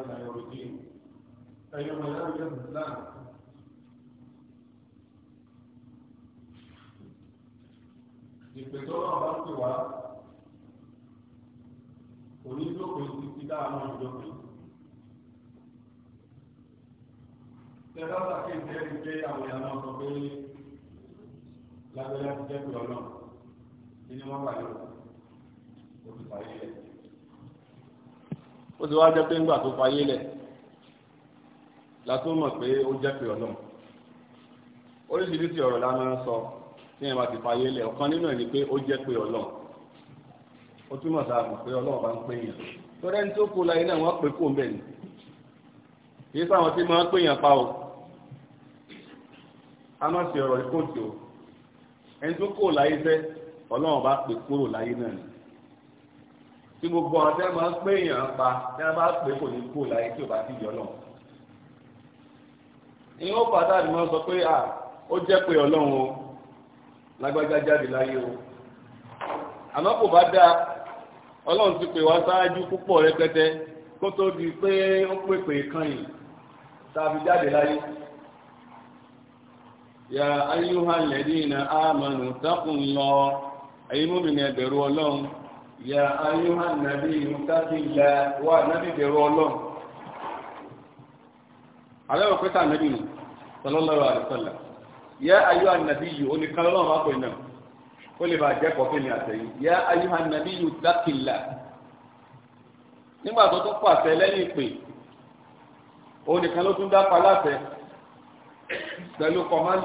إلى يوم الدين فيوم لا يوجد له bá pè wá onídókòó títí dáhùn ìdókòó tẹ́lọ́ta kí n tẹ́lẹ̀ pé àwọn ìyá náà sọ pé lábẹ́lá ti jẹ́ pé ọlọ́run kí wọ́n wà lóko ó ti parí ẹ̀ ó ti wá jẹ́ pé ńgbà tó fayé lẹ̀ la tó mọ̀ pé ó jẹ́ pé ọlọ́run oríṣiríṣi ọ̀rọ̀ la sọ tí yẹn bá ti fayé lẹ̀ ọ̀kan nínú ẹ̀ ni pé ó jẹ́ pé ọlọ́run ó túmọ̀ sáà mọ̀ pé ọlọ́run bá ń pè yàn tọ́lẹ́ ní tó kó láyé náà wọ́n pè kó ń bẹ̀ ni kì í sáwọn tí máa ń pè yàn pa o a má sì ọ̀rọ̀ ìkóǹtì o ẹni tó kó láyé fẹ́ ọlọ́run bá pè kúrò láyé náà ni tí gbogbo àwọn tẹ́ máa ń pé èèyàn pa tí wọ́n bá pè kò ní kú láyé tí ò bá ti yọ lọ. ìyẹn ó fàtà ni wọ́n sọ pé à ó jẹ́ pé ọlọ́run o lágbájá jáde láyé o àmọ́ kò bá dáa ọlọ́run ti pè wá sáájú púpọ̀ rẹpẹtẹ kó tó di pé ó pé kan yìí tàbí jáde láyé. ya ayyuhal ladina amanu taqullah ẹ̀yin mú mi ní ẹgbẹ̀rún ọlọ́run. yà ayúhà nàbí mùtàkìlá wà nàbí bẹ̀rù ọlọ́run alẹ́wọ̀ pẹ́ta nàbí ni sallallahu alaihi wasallam yà ayúhà nàbí yìí ó ní kálọ́lọ́run bá pè náà ó lè bá jẹ́ kọ́fí ni àtẹ̀yìn yà ayúhà nàbí mùtàkìlá nígbà tó tún pàṣẹ lẹ́yìn pé ó ní kálọ́ dápa láṣẹ pẹ̀lú command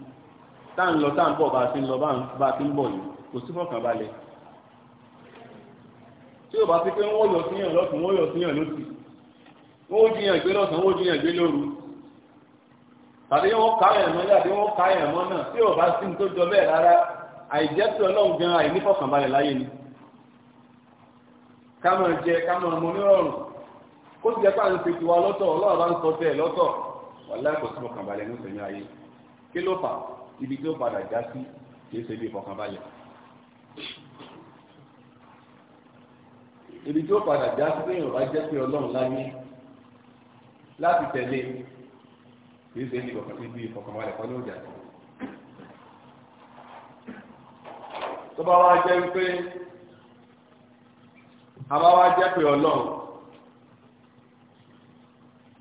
tá ń lọ tá ń bọ̀ bá ti ń lọ bá ti ń bọ̀ yìí kò sí fọkànbalẹ̀ tí o bá ti pé wọ́n yọ síyàn lọ́sùn wọ́n yọ síyàn lọ́sì wọ́n ó jiyàn gbé lọ́sùn wọ́n ó jiyàn gbé lóru tàbí wọ́n ká ẹ̀ mọ́ yàtí wọ́n ká ẹ̀ mọ́ náà tí o bá sí ní tó jọ bẹ́ẹ̀ rárá àìjẹ́sí ọlọ́run gan àìní fọkànbalẹ̀ láyé ni ká máa jẹ ká máa mọ onírọ̀rùn kó ti jẹ́ pé à ń fi tiwa lọ́tọ̀ ọlọ́run bá ń sọ bẹ́ẹ̀ lọ́tọ̀ wàlá kò sí fọkànbalẹ̀ ní ìsẹ̀yìn ayé kí ló fà á ibi tí ó padà já sí kìí ṣe ibi ìfọkànbalẹ̀ ibi tí ó padà já sí pé yorùbá jẹ́ pé ọlọ́run láyé láti tẹ̀lé kìí ṣe ibi ìfọkànbalẹ̀ kan ní òjà sí. tó bá wá jẹ́ wípé a wá jẹ́ pé ọlọ́run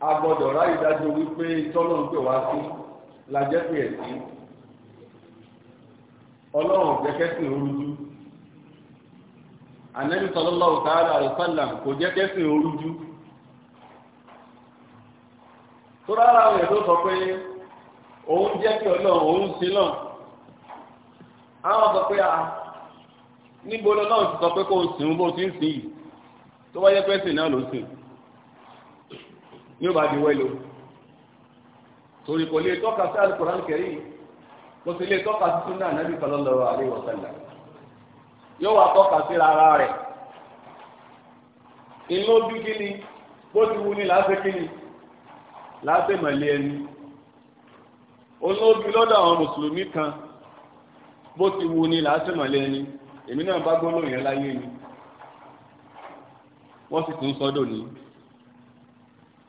a gbọ́dọ̀ ráyè dájú wípé tọ́lọ́run pè wá sí la jẹ́ pé ẹ̀ sí. ọlọ́run jẹ́ orújú ànábì sallallahu ta'ala alaihi kò jẹ́ orújú tó rárá rẹ̀ tó sọ pé òun jẹ́ kí ọlọ́run òun sí náà àwọn sọ pé a níbo lọ́lọ́run ti sọ pé kò o sìn bó o ti ń sìn yìí tó wáyé náà ló sìn ní bá mo sì lè tọ́ka sí súnà ànábì sallallahu alaihi wasallam yóò wá tọ́ka sí ara rẹ̀ inú bí kíni bó wu ni láti kíni láti mọ̀lẹ́ ẹni olóògbé lọ́dọ̀ àwọn mùsùlùmí kan bó ti wu ni láti mọ̀lẹ́ ẹni èmi náà bá gbólóhùn yẹn láyé ni wọ́n sì tún sọ́dọ̀ ní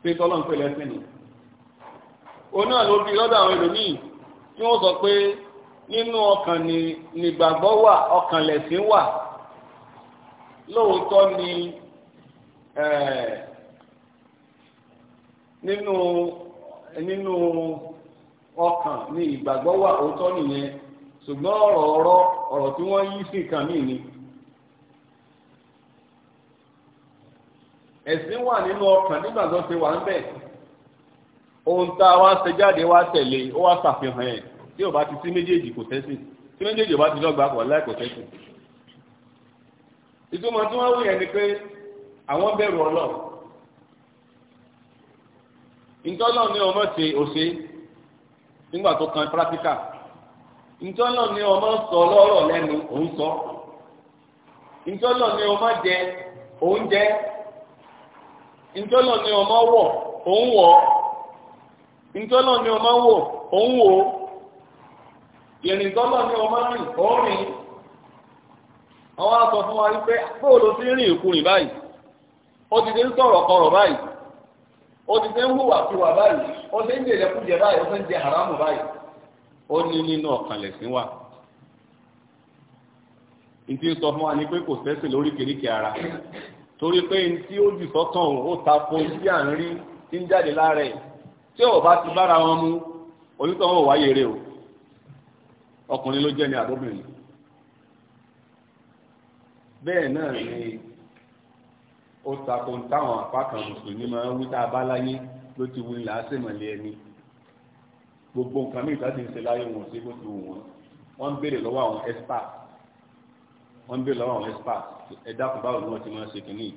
pé tọ́lọ́ ń pè lẹ́sìn ni òun náà ló bí àwọn ẹlòmíì tí sọ pé nínú ọkàn ni nígbàgbọ́ wà ọkàn wà lóòótọ́ ni eh, nínú nínú ọkàn ni ìgbàgbọ́ wà òótọ́ nìyẹn ṣùgbọ́n ọ̀rọ̀ ọ̀rọ̀ ọ̀rọ̀ tí wọ́n yí sí nǹkan ni. ẹ̀sìn wà nínú ọkàn nígbàgbọ́ wà ohun tá a wá ṣe jáde wá tẹ̀lé ó wá ṣàfihàn ẹ̀ tí ò bá ti sí méjèèjì kò tẹ́sìn tí méjèèjì ò bá ti dọ́gba pọ̀ láì kò tẹ́sìn. ìtumọ̀ tí wọ́n wù yẹn ni pé àwọn bẹ̀rù ọlọ́run ìtọ́lọ́ ni ọmọ ṣe òṣè nígbà tó kan pírátíkà ìtọ́lọ́ ni ọmọ sọ lọ́rọ̀ lẹ́nu òun sọ ìtọ́lọ́ ni ọmọ jẹ òun jẹ ìtọ́lọ́ ni ọmọ wọ̀ òun wọ̀ ọ́. ìtọ́lọ̀ ni ọmọ wò òun wò ó? ìrìntọ́lọ̀ ni ọmọ rìn òun rìn àwọn aṣọ fún wa wípé bóòlù ti rìn ìkùnrin báyìí ó ti dé ń sọ̀rọ̀ kọrọ̀ báyìí ó ti dé ń hùwà kíwà báyìí ó ti ń jẹ̀lẹ̀ kújẹ báyìí ó ti ń jẹ haramu báyìí ó ní nínú ọ̀kànlẹ̀ sí wa ìtí ń sọ fún wa ni pé kò sẹ́sẹ̀ lóríkèríkè ara torí pé ní tí ó sọ́tàn ó ta ko sí à ń rí tí ń jáde lára ẹ̀ tí o bá ti bára wọn mu onítọ̀hún ò wáyé eré o ọkùnrin ló jẹ́ ní àbóbìnrin bẹ́ẹ̀ náà ni ó takò táwọn apákan mùsùlùmí máa ń wí tá a bá láyé ló ti wí làásìmọ̀lẹ́ ẹni gbogbo nǹkan mìíràn láti ń ṣe láyé wọn sí bó ti wù wọn wọ́n ń béèrè lọ́wọ́ àwọn expert wọ́n ń béèrè lọ́wọ́ àwọn expert ẹ̀dá kò báwo ni wọ́n ti máa ṣe kìíní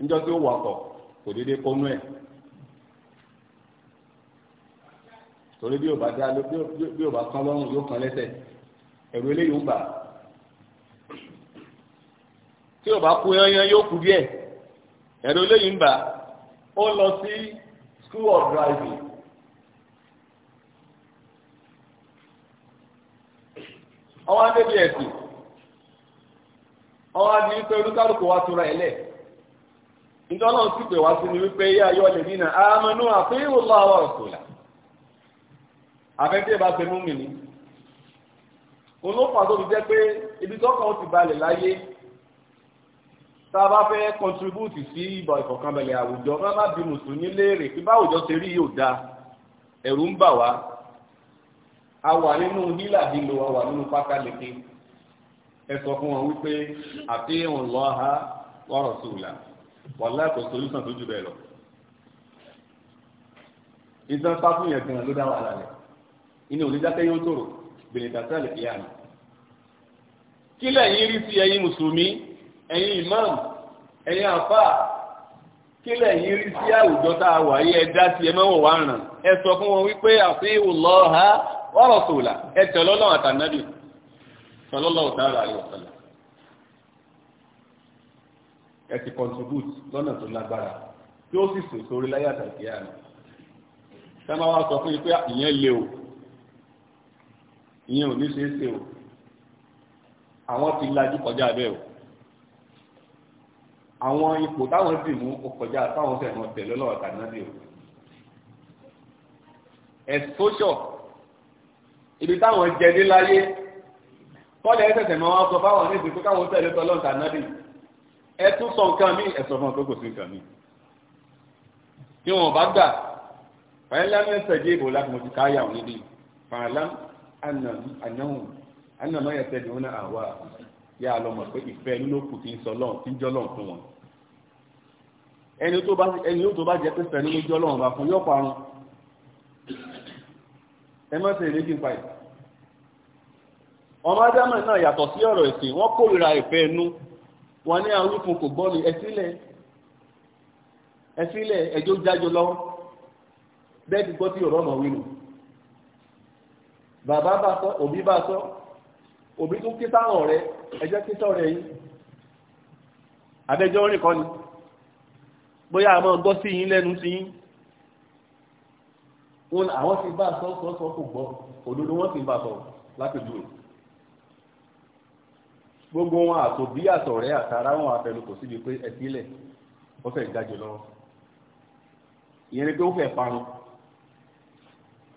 níjọ́ tí ó wakọ̀ kò déédéé kọ́nú ẹ̀ torí bí o bá dá bí o bá kán lọ́rùn yóò kán lẹ́sẹ̀ ẹ̀rù eléyìí ń bà tí o bá kú yanyan yóò kú díẹ̀ ẹ̀rù eléyìí ń bà ó lọ sí school of driving ọwọ́ adébí ẹ̀sìn ọwọ́ adé wípé olúkálùkù wa tura ẹ̀ lẹ̀ nítorí sì pè wá sí ni wípé yíyá yọ lè dínà àfẹ́tí ẹ̀ bá ṣe mú mi ní. olóòpà tó fi jẹ́ pé ibi tọ́kàn ti balẹ̀ láyé tá a bá fẹ́ kọntribúùtì sí ìbà ìfọ̀kànbalẹ̀ àwùjọ má má bí mùsùlùmí léèrè bí báwùjọ ṣe rí yóò dáa ẹ̀rù ń bà wá a wà nínú hílà hílò a wà nínú pákáleke ẹ sọ fún wọn wípé àfihàn lọ́ha lọ́rọ̀ sí ìlà wàláì kò solution tó jù bẹ́ẹ̀ lọ. ìtàn sáfù yẹn gan ló dá wàhálà rẹ̀ inú onídàkẹ́ yóò tòrò bèrè tàṣà lè kíyà mi. kí lẹ́yìn rí sí ẹ̀yin mùsùlùmí ẹ̀yin imam ẹ̀yin àfà kí lẹ́yìn rí sí àwùjọ tá a wà yí ẹ dá sí ẹ mọ́wọ̀ wá ràn ẹ sọ fún wọn wípé àfihàn lọ́ha ọ̀rọ̀ sòlà ẹ tẹ̀lé Ọlọ́run àtànábì sallallahu ta'ala alaihi wasallam ẹ ti contribute lọ́nà tó lágbára tí ó sì sòsórí láyé àtàkì àná sábà wá sọ fún yín pé ah, ìyẹn lé o ìyẹn ò ní ṣe é ṣe o àwọn ti lajú kọjá bẹ́ẹ̀ o àwọn ipò táwọn sì mú kọjá táwọn fẹ̀mọ tẹ̀lé lọ́wọ́ tàbí náà dé o ẹ̀sọ́ṣọ̀ ibi táwọn jẹdé láyé kọ́lẹ̀ ẹ̀sẹ̀sẹ̀ máa wá sọ fáwọn ní ìsìnkú káwọn tẹ̀lé tọ́lọ́ tàbí náà dé ẹ tún sọ nǹkan mí ẹ̀sọ̀ fún ọ̀tọ́kọ̀ sí nǹkan mí tí wọn bá gbà fàyẹ́lẹ́mẹ́sẹ̀ dé ìbò láti mo ti káyà anamọ yẹn tẹ̀lé wọn náà wà yà á lọ mọ̀ pé ìfẹ́ ẹni ló kù tí ń sọ lọ́hùn tí ń jọ́ lọ́hùn fún wọn ẹni tó bá ẹni yóò tó bá jẹ́ pé fẹ́ ẹni ló jọ́ lọ́hùn bá fún yóò parun ẹ má ṣe ìrètí pa ẹ̀ ọmọ adámọ̀ náà yàtọ̀ sí ọ̀rọ̀ ẹ̀sìn wọ́n kórìíra ìfẹ́ ẹnu wọn ní àwọn olùfún kò gbọ́nu ẹ̀sílẹ̀ ẹ̀sílẹ̀ ẹjọ́ jájọ lọ́wọ́ bẹ́ẹ̀ ti gbọ́ sí ọ̀rọ̀ ọmọ bàbá bá sọ òbí bá sọ òbí tún kí sáwọn ọ̀rẹ́ ẹjẹ́ kí sọ̀rọ̀ yìí abẹ́jọ́ rìn kọ́ ni bóyá àmọ́ gbọ́ sí yín lẹ́nu sí yín wọn àwọn ti bá sọ sọ sọ kò gbọ́ òdodo wọn ti bá sọ lápèjúwe gbogbo wọn àtòbí àtọ̀rẹ́ àtàrà wọn àfẹnu kò síbi pé ẹ̀sílẹ̀ ó fẹ́ ìdájọ́ lọ́wọ́ ìyẹn ni pé ó fẹ́ parun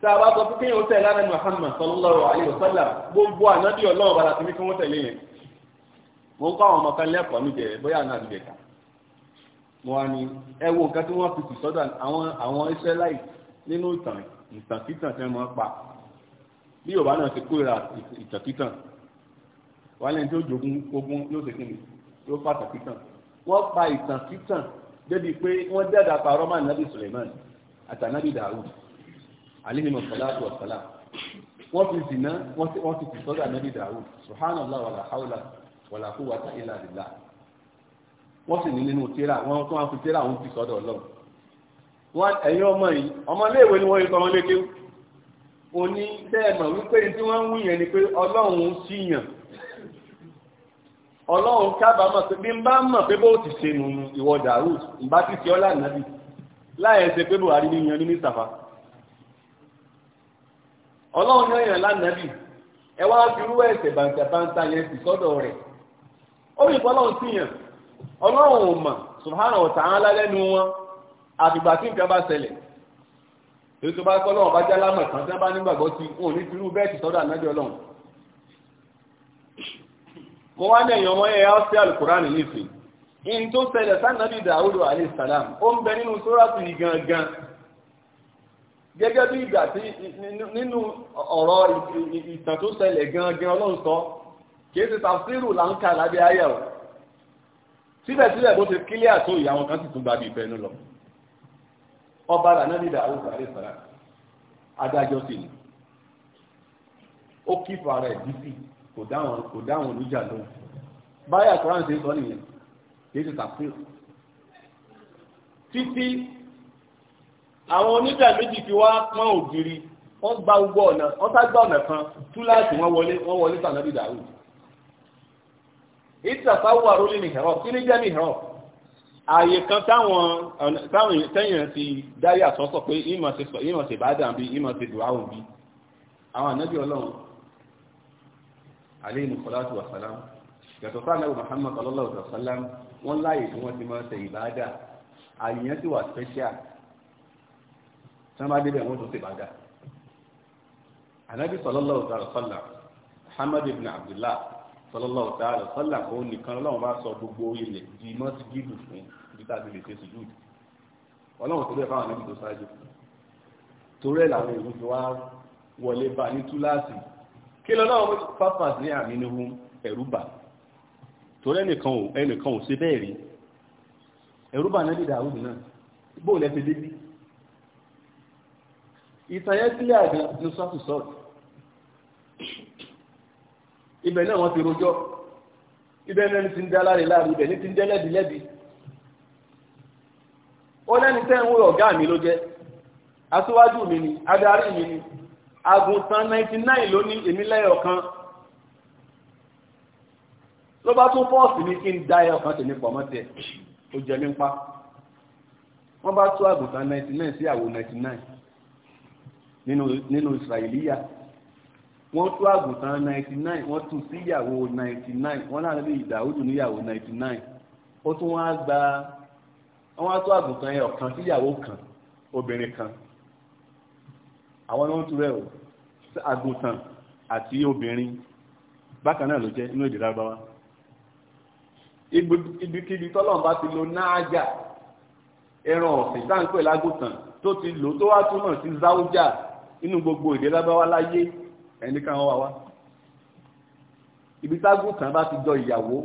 tá a bá sọ pé kéèyàn tẹ̀lé ànábì Muhammad sallallahu alayhi wa sallam gbogbo ànábì ọlọ́run bàtà tí mi kí wọ́n tẹ̀lé yẹn mo ń kọ́ àwọn ọmọ kan lẹ́kọ̀ọ́ mi jẹ bóyá àná àdìbẹ̀ ká mo wá ní ẹ wo nǹkan tí wọ́n fi tì sọ́dọ̀ àwọn àwọn Israelite nínú ìtàn ìtàkìtàn tí wọ́n pa bí Yorùbá náà ti kórira ìtàkìtàn wálé tí ó jogún ogún yóò ṣe kíni yóò pa ìtàkìtàn wọ́n pa ìtàkìtàn débi pé wọ́n dẹ́dà àléhìn ọ̀sọ̀láàtù ọ̀sọ̀lá wọ́n fi zìnà wọ́n ti tìsọ́dọ̀ ànábì dàrú subhanallah wàlà haúlà wàlà kúwàtà ilà àdìlà wọ́n sì ní nínú tíra wọ́n tó wá fi tíra òun tìsọ́dọ̀ ọlọ́run wọ́n ẹ̀yin ọmọ yìí ọmọ iléèwé ni wọ́n yí kọ́mọ lékè ó ní bẹ́ẹ̀ mọ̀ wípé tí wọ́n ń wí yẹn ni pé ọlọ́run síyàn ọlọ́run kábàámọ̀ pé bí n bá mọ̀ pé bó ti ṣe nù ìwọ dàrú ìbá ti ṣe ọ́ lánàá bì láì pé buhari ní yan ní mustapha ọlọ́run ní yàn lánàbì ẹ wá fi irú ẹ̀sẹ̀ bàǹtàbàǹtà yẹn sì sọ́dọ̀ rẹ̀ ó rí ọlọ́run ò mà subhanahu wa ta'ala lẹ́nu wọn àfìgbà tí nǹkan bá ṣẹlẹ̀ èyí bá kọ́ bá kan tí wọ́n bá nígbàgbọ́ sí ní irú sọ́dọ̀ ọlọ́run mo wá ní ẹ̀yàn ọmọ gẹ́gẹ́ bí ìgbà tí nínú ọ̀rọ̀ ìtàn tó ṣẹlẹ̀ gangan ọlọ́run sọ kìí ṣe tafsiru là ń kà lábẹ́ ayé o síbẹ̀síbẹ̀ bó ṣe kílẹ̀ àtó ìyàwó kan sì tún gbàgbé ìfẹ́nu lọ ọba rà náà nídà ó sàré sàrà adájọ́ sì ni ó kí fara ẹ̀ dísì kò dáhùn olújà lóhùn báyà kọ́ráǹsì sọ nìyẹn kìí ṣe tafsiru títí àwọn onídà méjì fi wá pọ́n ògiri wọ́n gba gbogbo ọ̀nà wọ́n sá gba ọ̀nà kan túláàsì wọ́n wọlé wọ́n wọlé sànàbí dàrú ìtàfáwò àrólé ní ìhẹ̀rọ kí ní jẹ́ ní ìhẹ̀rọ ààyè kan táwọn tẹ́yìn ti dárí àsọ́sọ́ pé ìmọ̀ sí bàdàn bí ìmọ̀ sí dùáhùn bí àwọn ànábì ọlọ́run alayhi salatu wa salam yàtọ̀ sáà lẹ́wọ̀ Muhammad sallallahu alaihi wa sallam wọ́n láàyè tí wọ́n ti máa ṣe ìbádà àyè yẹn ti wà special tí wọ́n bá débẹ̀ wọ́n tún ṣe bàdà anabi sallallahu ta'ala sallam muhammad ibn abdullah sallallahu ta'ala sallam òun nìkan ọlọ́run bá sọ gbogbo ilẹ̀ di mọ́sígìdù fún ibi tá a ti lè ṣe sùjúdù ọlọ́run tó bẹ́ẹ̀ fáwọn anabi tó ṣáájú torí ẹ̀ làwọn èrò fi wá wọlé bá ní túláàsì kí lọ́lọ́run fáfàs ní àmì níhu ẹ̀rú bà torí ẹnìkan ò ẹnìkan ò ṣe bẹ́ẹ̀ rí ẹ̀rú bà náà dìdà àrùn náà bóòlù ẹ ìtàyẹ́ sílẹ̀ àgbà ní sọ́tù sọ́ọ̀tù ibẹ̀ náà wọ́n ti rojọ́ ibẹ̀ náà ti ń dá láre láàrin ibẹ̀ ní ti ń dẹ́ lẹ́bi lẹ́bi ó lẹ́ni tẹ́ ń wé ọ̀gá mi ló jẹ́ aṣíwájú mi ni adarí mi ni àgùntàn 99 ló ní èmi lẹ́yọ̀ kan ló bá tún pọ́ọ̀sì ní kí n dá ẹyọ kan tèmi pọ̀ mọ́ tiẹ̀ ó jẹ mí pa wọ́n bá tún àgùntàn 99 sí àwo 99 nínú Israẹliya wọ́n tú àgùntàn 99 wọ́n tú sí ìyàwó 99 wọ́n láàrin bí ìdáwùdù níyàwó 99 ó tún wọ́n á gba wọ́n á tú àgùntàn ẹ̀ ọ̀kan sí ìyàwó kan obìnrin kan àwọn ni wọ́n tú rẹ̀ o àgùntàn àti obìnrin bákan náà ló jẹ́ inú èdè lágbáwá ibikíbi tọ́lọ́n bá ti lo náájà ẹran ọ̀sìn táǹpẹ̀ lágùntàn tó ti lò tó wá túmọ̀ sí záújà inú gbogbo èdè lábáwá láyé ẹnìkan wà wá ibi tágùn kan bá ti jọ ìyàwó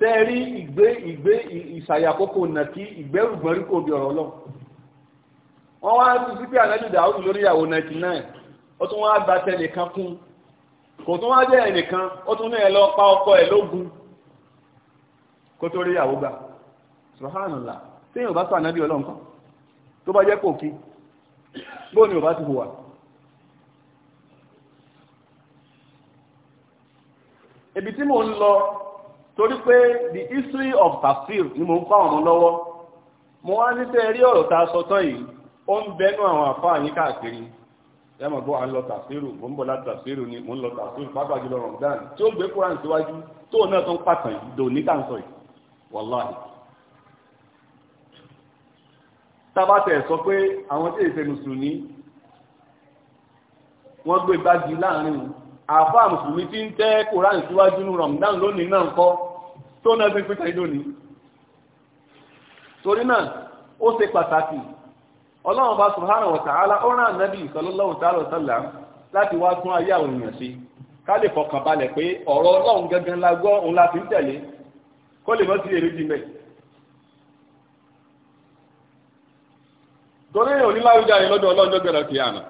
tẹ́rí ìgbé ìgbé ìsàyàkókò nàkí ìgbẹ́rùgbọ́n rí kò bí ọ̀rọ̀ lọ wọ́n wá ń sí pé àlẹ́jù dàúdù lórí ìyàwó 99 ó tún wá gba tẹnìkan kún kò tún wá jẹ́ ẹnìkan ó tún ní ẹ lọ pa ọkọ ẹ lógun kó tó rí ìyàwó gbà subhanallah téèyàn bá sọ ànábì ọlọ́nkan tó bá jẹ́ pòkí bóò ni ò ti hùwà ibi tí mò ń lọ torí pé the history of tafsir ni mò ń ọmọ lọ́wọ́ mo wá tẹ́ rí ọ̀rọ̀ ta sọ tán yìí ó ń bẹnu àwọn àfáà yín káàkiri ẹmọ bó ń lọ ni ń lọ jùlọ tí ó gbé náà tó ń dò tábàtẹ̀ sọ pé àwọn tí èsè mùsùlùmí wọ́n gbé gbájú láàrin àfá mùsùlùmí tí ń tẹ́ koran síwájú ní Ramadan lónìí náà kọ́ tó náà fi pẹ́ta ìlónìí torí náà ó ṣe pàtàkì ọlọ́run bá subhanahu wa ta'ala ó rán ànábì sallallahu ta'ala sallam láti wá tún ayé àwọn èèyàn ṣe ká lè fọkàn balẹ̀ pé ọ̀rọ̀ ọlọ́run gangan la gbọ́ òun la fi ń tẹ̀lé kó lè mọ́ sí èrè jìnbẹ̀ torí èèyàn oníláwùjáre lọ́dọ̀ ọlọ́jọ́ gbẹ̀rẹ̀ kì í àná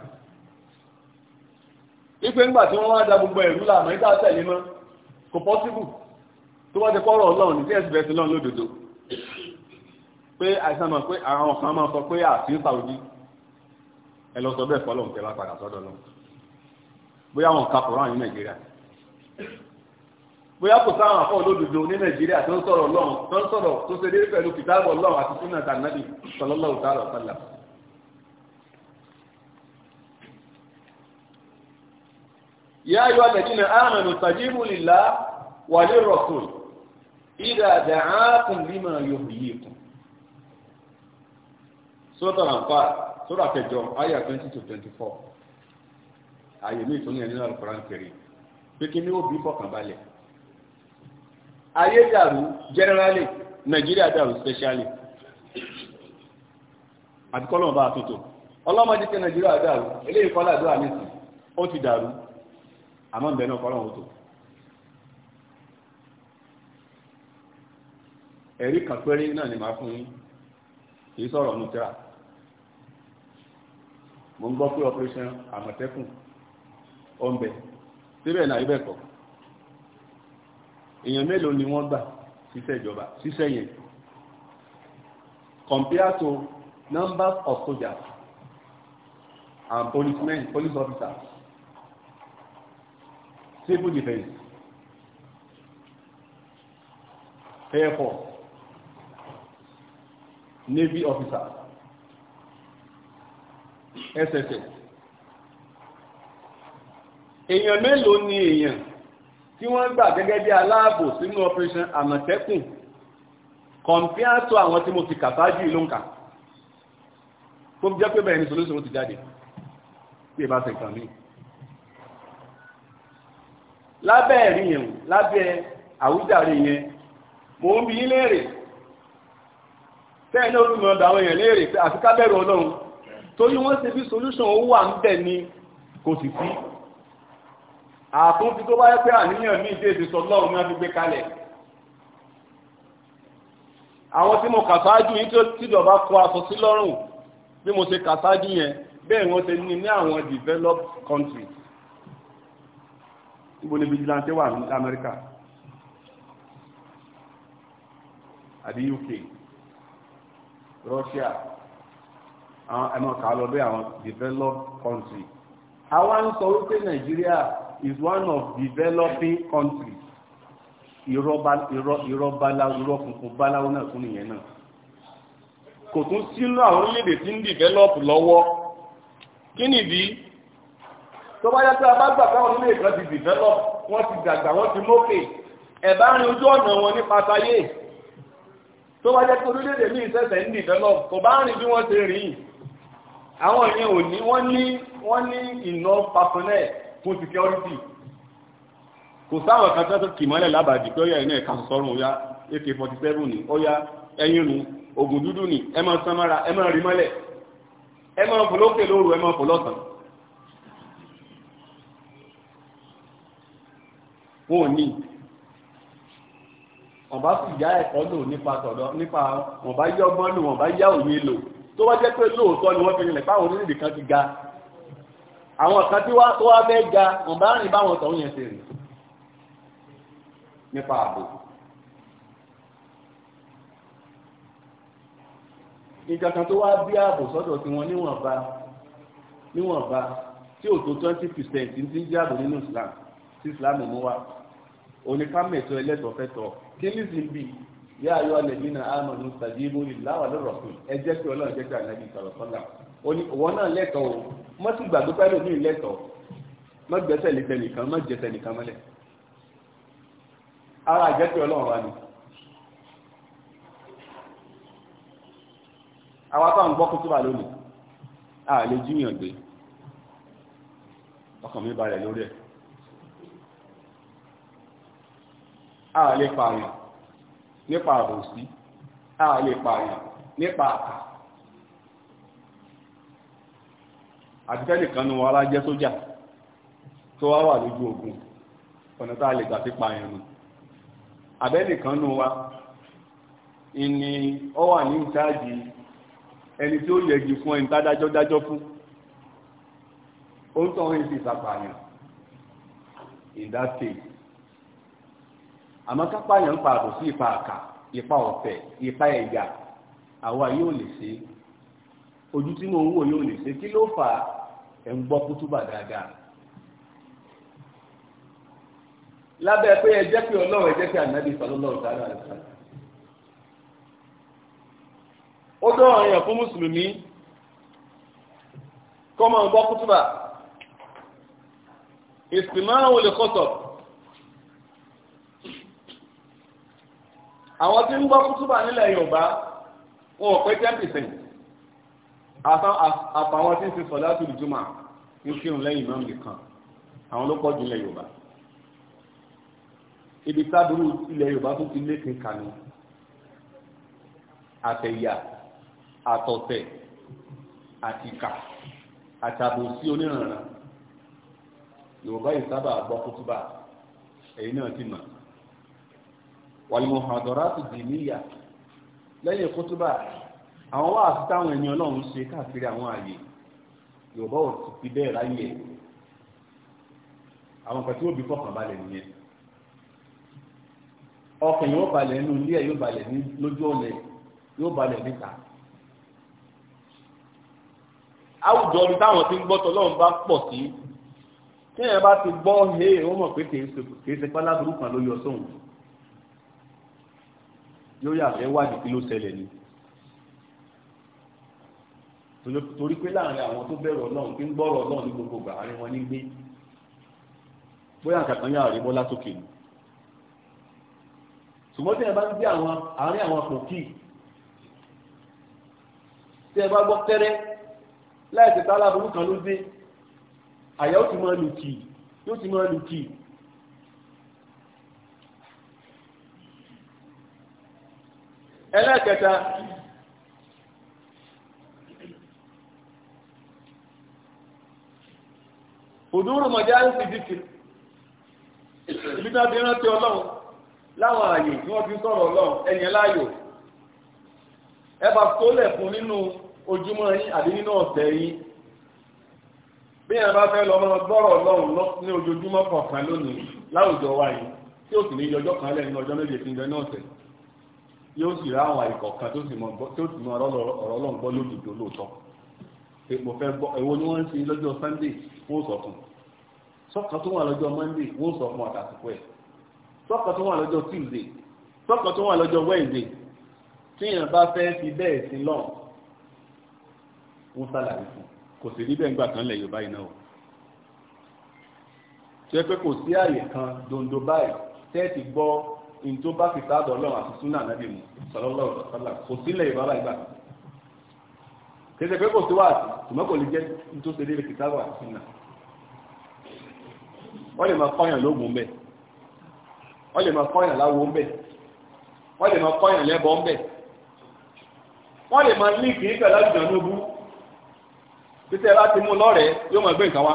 ipe ńgbà tí wọ́n wá da gbogbo ẹ̀rú làmọ́ ìta tẹ̀lé mọ́ kò pọ́síbù tó bá ti pọ́rọ̀ ọlọ́run ní tíyẹ̀sì bẹ̀rẹ̀ sí lọ́run lódodo pé àìsàn mọ̀ pé àwọn kan máa sọ pé àti ń sàwùjí ẹ lọ sọ bẹ́ẹ̀ fọlọ́run tẹ́ bá padà sọ́dọ̀ lọ bóyá wọn ka kùrán ní nàìjíríà bóyá kò sáwọn àfọ olódodo ní nàìjíríà tó ń sọ̀rọ̀ ọlọ́run tó ń sọ̀rọ̀ tó ṣe dé pẹ̀lú kìtàbọ̀ ọlọ́run àti súnà tànàbì sọlọ́lọ́run tààrọ̀ sálà يا أيها الذين آمنوا استجيبوا لله وللرسول إذا دعاكم لما يحييكم سورة الأنفال سورة الجمعة آية 20 to 24 àyè mí ìtúnyẹ nínú alukoran kiri pé kí ni ó bí fọkànbalẹ̀ ayé dàrú generally Nàìjíríà dàrú specially àti kọlọmọba àtúntò ọlọmọdé tẹ Nàìjíríà dàrú eléyìí kọlá àmọ́ ìbẹ̀ náà kọ́lọ́wọ́ tó ẹ̀rí kan péré náà ni màá fún yín kì í sọ̀rọ̀ tíra mo ń gbọ́ pé operation àmọ̀tẹ́kùn ó ń bẹ síbẹ̀ náà ibẹ̀ kọ̀ èèyàn mélòó ni wọ́n gbà ṣiṣẹ́ ìjọba ṣiṣẹ́ yẹn compared to numbers of soldiers and policemen police officers civil defense air force navy officer sss èèyàn mélòó ni èèyàn tí wọ́n gbà gẹ́gẹ́ bí aláàbò sínú operation àmọ̀tẹ́kùn kọ̀m̀píátò àwọn tí mo ti kà sáájú ìlú ń kà tó jẹ́ pé bẹ̀rẹ̀ ní solúsùn ó ti jáde tí ìbá ṣe ìtàn míì lábẹ́ ẹ̀rí yẹn lábẹ́ àwùjáre yẹn mò ń bi yín léèrè tẹ́ẹ̀ náà ó dùnmọ̀ àwọn èèyàn léèrè àti kábẹ́rù ọlọ́run torí wọ́n ṣe bí solution ó wà ń bẹ̀ ni kò sì sí àtúntí tó bá yẹ pé àníyàn ní ìdí èdè sọ lọ́run ní wọ́n fi gbé kalẹ̀ àwọn tí mo kà sáájú yìí tó tìjọba kọ aṣọ sí lọ́rùn bí mo ṣe kà sáájú yẹn bẹ́ẹ̀ wọ́n ṣe ní ní àwọn developed countries níbo ni vigilante wà ní Amẹ́ríkà àbí UK Russia àwọn ẹmọ kà lọ bí àwọn developed country àwa ń sọ wípé Nàìjíríà is one of developing countries ìrọ̀ báláwo ìrọ̀ funfun báláwo náà tún nìyẹn náà kò tún sínú àwọn orílẹ̀-èdè tí ń develop lọ́wọ́ kí nìdí tó bá yàtọ̀ abágbà táwọn nílé ìkan ti develop wọ́n ti dàgbà wọ́n ti mókè ẹ̀bá rin ojú ọ̀nà wọn nípa tayé tó bá jẹ́ pé orílẹ̀-èdè míì sẹ̀sẹ̀ ń develop kò bá rìn bí wọ́n ti rìn àwọn yẹn ò ní wọ́n ní wọ́n ní ìná personnel fún security kò sáwọn kan tó kì mọ́lẹ̀ lábàdì pé ó yà iná ẹ̀ka sọ́rùn ó yá AK-47 ni ó yá ẹyin nu ogun dúdú ni ẹ máa sán mára ẹ máa rí mọ́lẹ̀ ẹ máa fò lókè wọn ò ní wọn bá sì yá ẹ̀kọ́ lò nípa tọ̀dọ̀ nípa wọn bá yá ọgbọ́n lò wọn bá yá òye lò tó wá jẹ́ pé lóòótọ́ ni wọ́n fi rìnlẹ̀ páwọn orílẹ̀-èdè kan ti ga àwọn kan tí wọ́n wá fẹ́ ga wọn bá rìn báwọn tọ̀hún yẹn ti rìn nípa ààbò nǹkan kan tó wá bí ààbò sọ́dọ̀ tí wọ́n níwọ̀nba níwọ̀nba tí ò tó twenty percent ti ń jẹ́ ààbò nínú Islam tí Islam mú wá oníkámẹ̀tọ́ ẹlẹ́tọ̀ọ́fẹ́tọ̀ kí ní sì ń bì yá ayọ́ náà á mọ̀nù tàbí ibú ni láwà lọ́rọ̀ fún ẹ jẹ́ pé ọlọ́run jẹ́ pé ànábì sọ̀rọ̀ sọ́là òwò náà lẹ́tọ̀ọ́ mọ́ sì gbàgbé pẹ́lú mi lẹ́tọ̀ọ́ mọ́ gbẹ́sẹ̀ lé tẹnìkan mọ́ jẹ tẹnìkan mọ́lẹ̀ ara àjẹ́ pé ọlọ́run wa ni àwọn àtàwọn gbọ́ kó tó wà lónìí àlejò yàn gbé ọkàn mi balẹ̀ lórí ẹ̀ a lè pààyàn nípa àbòsí a lè pààyàn nípa àkà àtìkẹ́lì kan ní wọn ará jẹ́ sójà tó wá wà lójú ogun ọ̀nà tá a lè gbà fi pààyàn nù àbẹ́lì kan ní wa ìní ọ wà ní ìtaàjì ẹni tí ó yẹgi fún ẹni tádájọ́ dájọ́ fún ó ń tọ́ ìsìn ìsàpààyàn àmọ́ kápá yẹn ń pa àbòsí ipa àkà ipa ọ̀fẹ́ ipa ẹ̀yà àwa yóò lè ṣe ojú tí mo ń wò yóò lè ṣe kí ló fà á ẹ̀ ń gbọ́ kútúbà dáadáa lábẹ́ pé ẹ jẹ́ kí ọlọ́run ẹ jẹ́ kí ànábì sọlọ́lọ́run sáré àlùfáà ó dán ọ̀ràn fún mùsùlùmí kọ́mọ̀ ń gbọ́ kútúbà ìsìnmáà ò lè kọ́sọ̀ọ́. àwọn tí ń gbọ́ kútúbà nílẹ̀ Yorùbá wọn ò pé ten percent àfàwọn tí ń fi sọ̀lá tó ìjùmọ̀ ń kírun lẹ́yìn imam nìkan àwọn ló pọ̀ jù nílẹ̀ Yorùbá ibi sábúrú ilẹ̀ Yorùbá tó ti lékin kàní àtẹ̀yà àtọ̀tẹ̀ àtìkà àtàbòsí onírànràn Yorùbá yìí sábà gbọ́ kútúbà èyí náà ti mọ̀ wàlùmọ̀hàdọ̀rátù dìníyà lẹ́yìn kútúbà àwọn wà sí táwọn ẹni ọlọ́run ṣe káàkiri àwọn ààyè yorùbá ti fi bẹ́ẹ̀ ráyè àwọn kan ó bí fọkàn balẹ̀ nìyẹn yóò balẹ̀ nínú ilé ẹ̀ yóò balẹ̀ lójú yóò balẹ̀ níta táwọn ń gbọ́ bá pọ̀ kan yóò yà fẹ́ wádìí kí ló ṣẹlẹ̀ ni torí pé láàrin àwọn tó bẹ̀rù ọlọ́run tí ń gbọ́rọ̀ ọlọ́run ní gbogbo ìgbà àárín wọn ní gbé bóyá kankan yà rí bọ́lá sókè ni ṣùgbọ́n tí ẹ bá ń gbé àwọn àárín àwọn pòkì tí ẹ bá gbọ́ tẹ́rẹ́ láì tẹ̀tà aláburú kan ló dé àyà ó ti máa lù kì yóò ti máa lù kì ẹlẹ́ẹ̀kẹta òdúró mọ̀já ń fi dìkì ibi tí wọ́n ti rántí ọlọ́run láwọn ààyè tí wọ́n fi sọ̀rọ̀ ọlọ́run ẹ̀yìn láàyò ẹbà tó lẹ̀ nínú ojúmọ́ yín àbí nínú ọ̀sẹ̀ yín bí lọ mọ́ gbọ́rọ̀ ọlọ́run ní ojoojúmọ́ kọ̀ọ̀kan lónìí láwùjọ wa tí ó sì kan lẹ́yìn ọjọ́ méje tí ń jẹ yóò sì rá àwọn àìkọ̀ọ̀kan tó sì mọ ọ̀rọ̀ ọlọ́run gbọ́ lódìdó lóòótọ́ pé mo fẹ́ gbọ́ èwo ni wọ́n ń ṣe lọ́jọ́ sunday wọ́n sọ fún sọ́kàn tó wà lọ́jọ́ monday wọ́n sọ fún àtàkùkọ ẹ̀ sọ́kàn tó wà lọ́jọ́ tuesday sọ́kàn tó wà lọ́jọ́ wednesday tíyàn bá fẹ́ fi bẹ́ẹ̀ sí lọ́n wọ́n sálàyé fún kò sí níbẹ̀ ńgbà kan lẹ̀ yorùbá iná o ṣe pé kò sí àyè kan dondo báyìí tẹ́ẹ̀tì gbọ́ ìjọ bá fi sáàdọ̀ ọlọ́run àti súnà nábì mu sọlọ́lọ́ ọ̀sọ́lá kò sílẹ̀ ìbára ìgbà kẹsẹ̀ pé kò sí wà sí lè jẹ́ àti súnà wọ́n lè máa kọ́yàn lóògùn wọ́n lè máa kọ́yàn láwo wọ́n lè máa kọ́yàn lẹ́bọ̀ wọ́n lè máa ní kìí pẹ̀lú àjùjọ láti mú lọ́rẹ̀ẹ́ yóò máa gbé nǹkan wá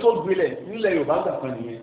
tó gbilẹ̀ nílẹ̀ Yorùbá gbà kan nìyẹn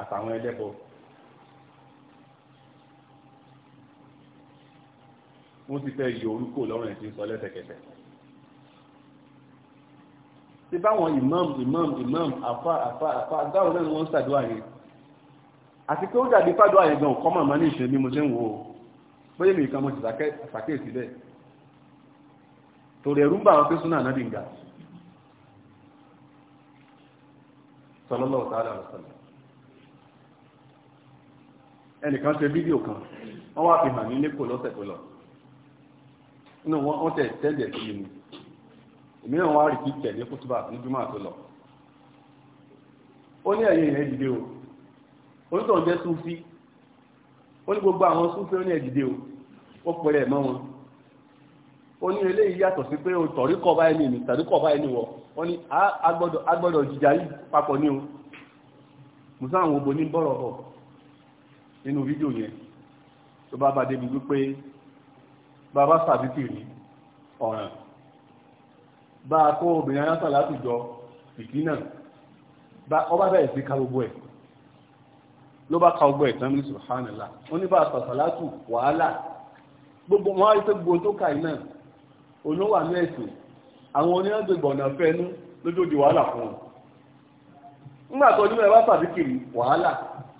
àtàwọn ẹlẹ́bọ wọ́n ti fẹ́ yọ orúkọ lọ́rùn ẹ̀ tí ń sọ lẹ́sẹ̀kẹsẹ̀ ti báwọn imam imam imam afa afa afa dáwọn náà wọ́n ń ṣàdúrà yẹn àti pé ó dàbí fàdúrà yẹn gan ọ̀kọ́ màmá ní ìṣẹ́ bí mo ṣe ń wò ó bóyá mi kan mo ti ṣàkíyèsí bẹ́ẹ̀ torí ẹ̀rú ń bá àwọn pé súnà náà dìgbà sọlọ́lọ́ ọ̀tá àdàlọ́sọ̀lọ́ ẹnìkan ṣe fídíò kan wọ́n wá fi hàn ní lẹ́kọ̀ọ́ lọ́sẹ̀ tó lọ inú wọn wọ́n tẹ̀ tẹ́lẹ̀ sí mi èmi náà wá rí kí tẹ̀lé kútùbà ní júmọ́ àtó lọ ó ní ẹ̀yìn ìyẹn dìde o onítọ̀ jẹ́ súnfí ó ní gbogbo àwọn súnfí ó ní ẹ̀dìde o ó pẹ̀rẹ̀ mọ́ wọn ó ní eléyìí yàtọ̀ sí pé o tọ̀ríkọ̀ báyìí ní ìmì tọ̀ríkọ̀ báyìí ní wọ̀ wọ́n a agbọ́dọ̀ jìjà yìí papọ̀ ní o musa àwọn obo ní bọ́rọ̀ ọ̀ nínú fídíò yẹn tó bá bá débi wípé bàbá sàbítì rí ọ̀ràn bá a kó obìnrin aráta látìjọ ìkínà ọba bẹ̀rẹ̀ sí ká gbogbo ẹ̀ ló bá ká gbogbo ẹ̀ tán ní subhanallah ó ní bá a sàṣà látù wàhálà gbogbo wọn á rí pé gbogbo tó kà iná olówà ní ẹ̀sìn àwọn oníyànjẹ̀gbọ̀n ọ̀nà fẹ́nu lójóòdì wàhálà fún wọn nígbà tó ọdún bá sàbítì rí wàhálà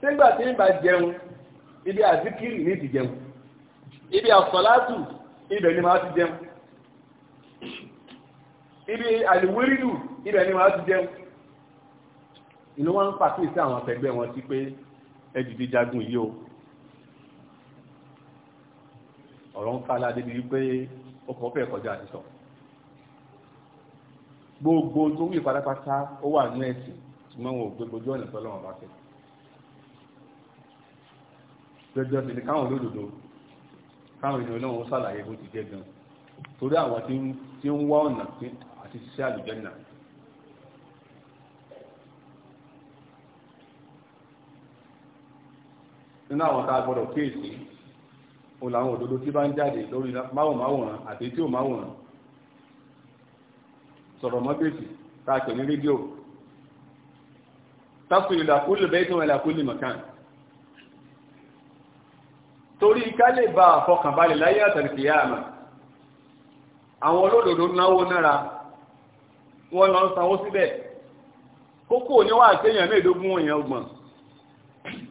sígbà tí ń bá jẹun ibi àzíkírì ní ti jẹun ibi àsọ̀látù ibẹ̀ ni máa ti jẹun ibi àlùwírìlù ibẹ̀ ni máa ti jẹun inú wọn ń pàkíyèsí àwọn akẹgbẹ́ wọn sí pé ẹjìdí jagun yìí o ọ̀rọ̀ ń fàlá débi wípé ọkọ̀ fẹ́ kọjá àtisọ̀ gbogbo tó wí pátápátá ó wà ní ẹ̀sìn ṣùgbọ́n wọn ò gbogbo ọjọ́ ọ̀nà tọ́lọ́wọ́n bá fẹ́ jọjọ sí ni káwọn olódodo káwọn ènìyàn náà wọ́n sàlàyé bó ti jẹ́ gan torí àwọn tí ń wá ọ̀nà àti ṣiṣẹ́ àlùjẹ́nà nínú àwọn tá a gbọ́dọ̀ kíyèsí òun làwọn òdodo tí bá ń jáde lórí máwòmáwòrán àti tí ò máwòrán sọ̀rọ̀ tá a pè ní rédíò bẹ́ẹ̀ tí wọ́n torí ká lè bá àfọkànbalẹ̀ láyé àtàlùkìyà àmà àwọn olódodo náwó nára wọ́n lọ sanwó síbẹ̀ kókó níwà àtẹ́yàn mẹ́ẹ̀dógún èèyàn ọgbọ̀n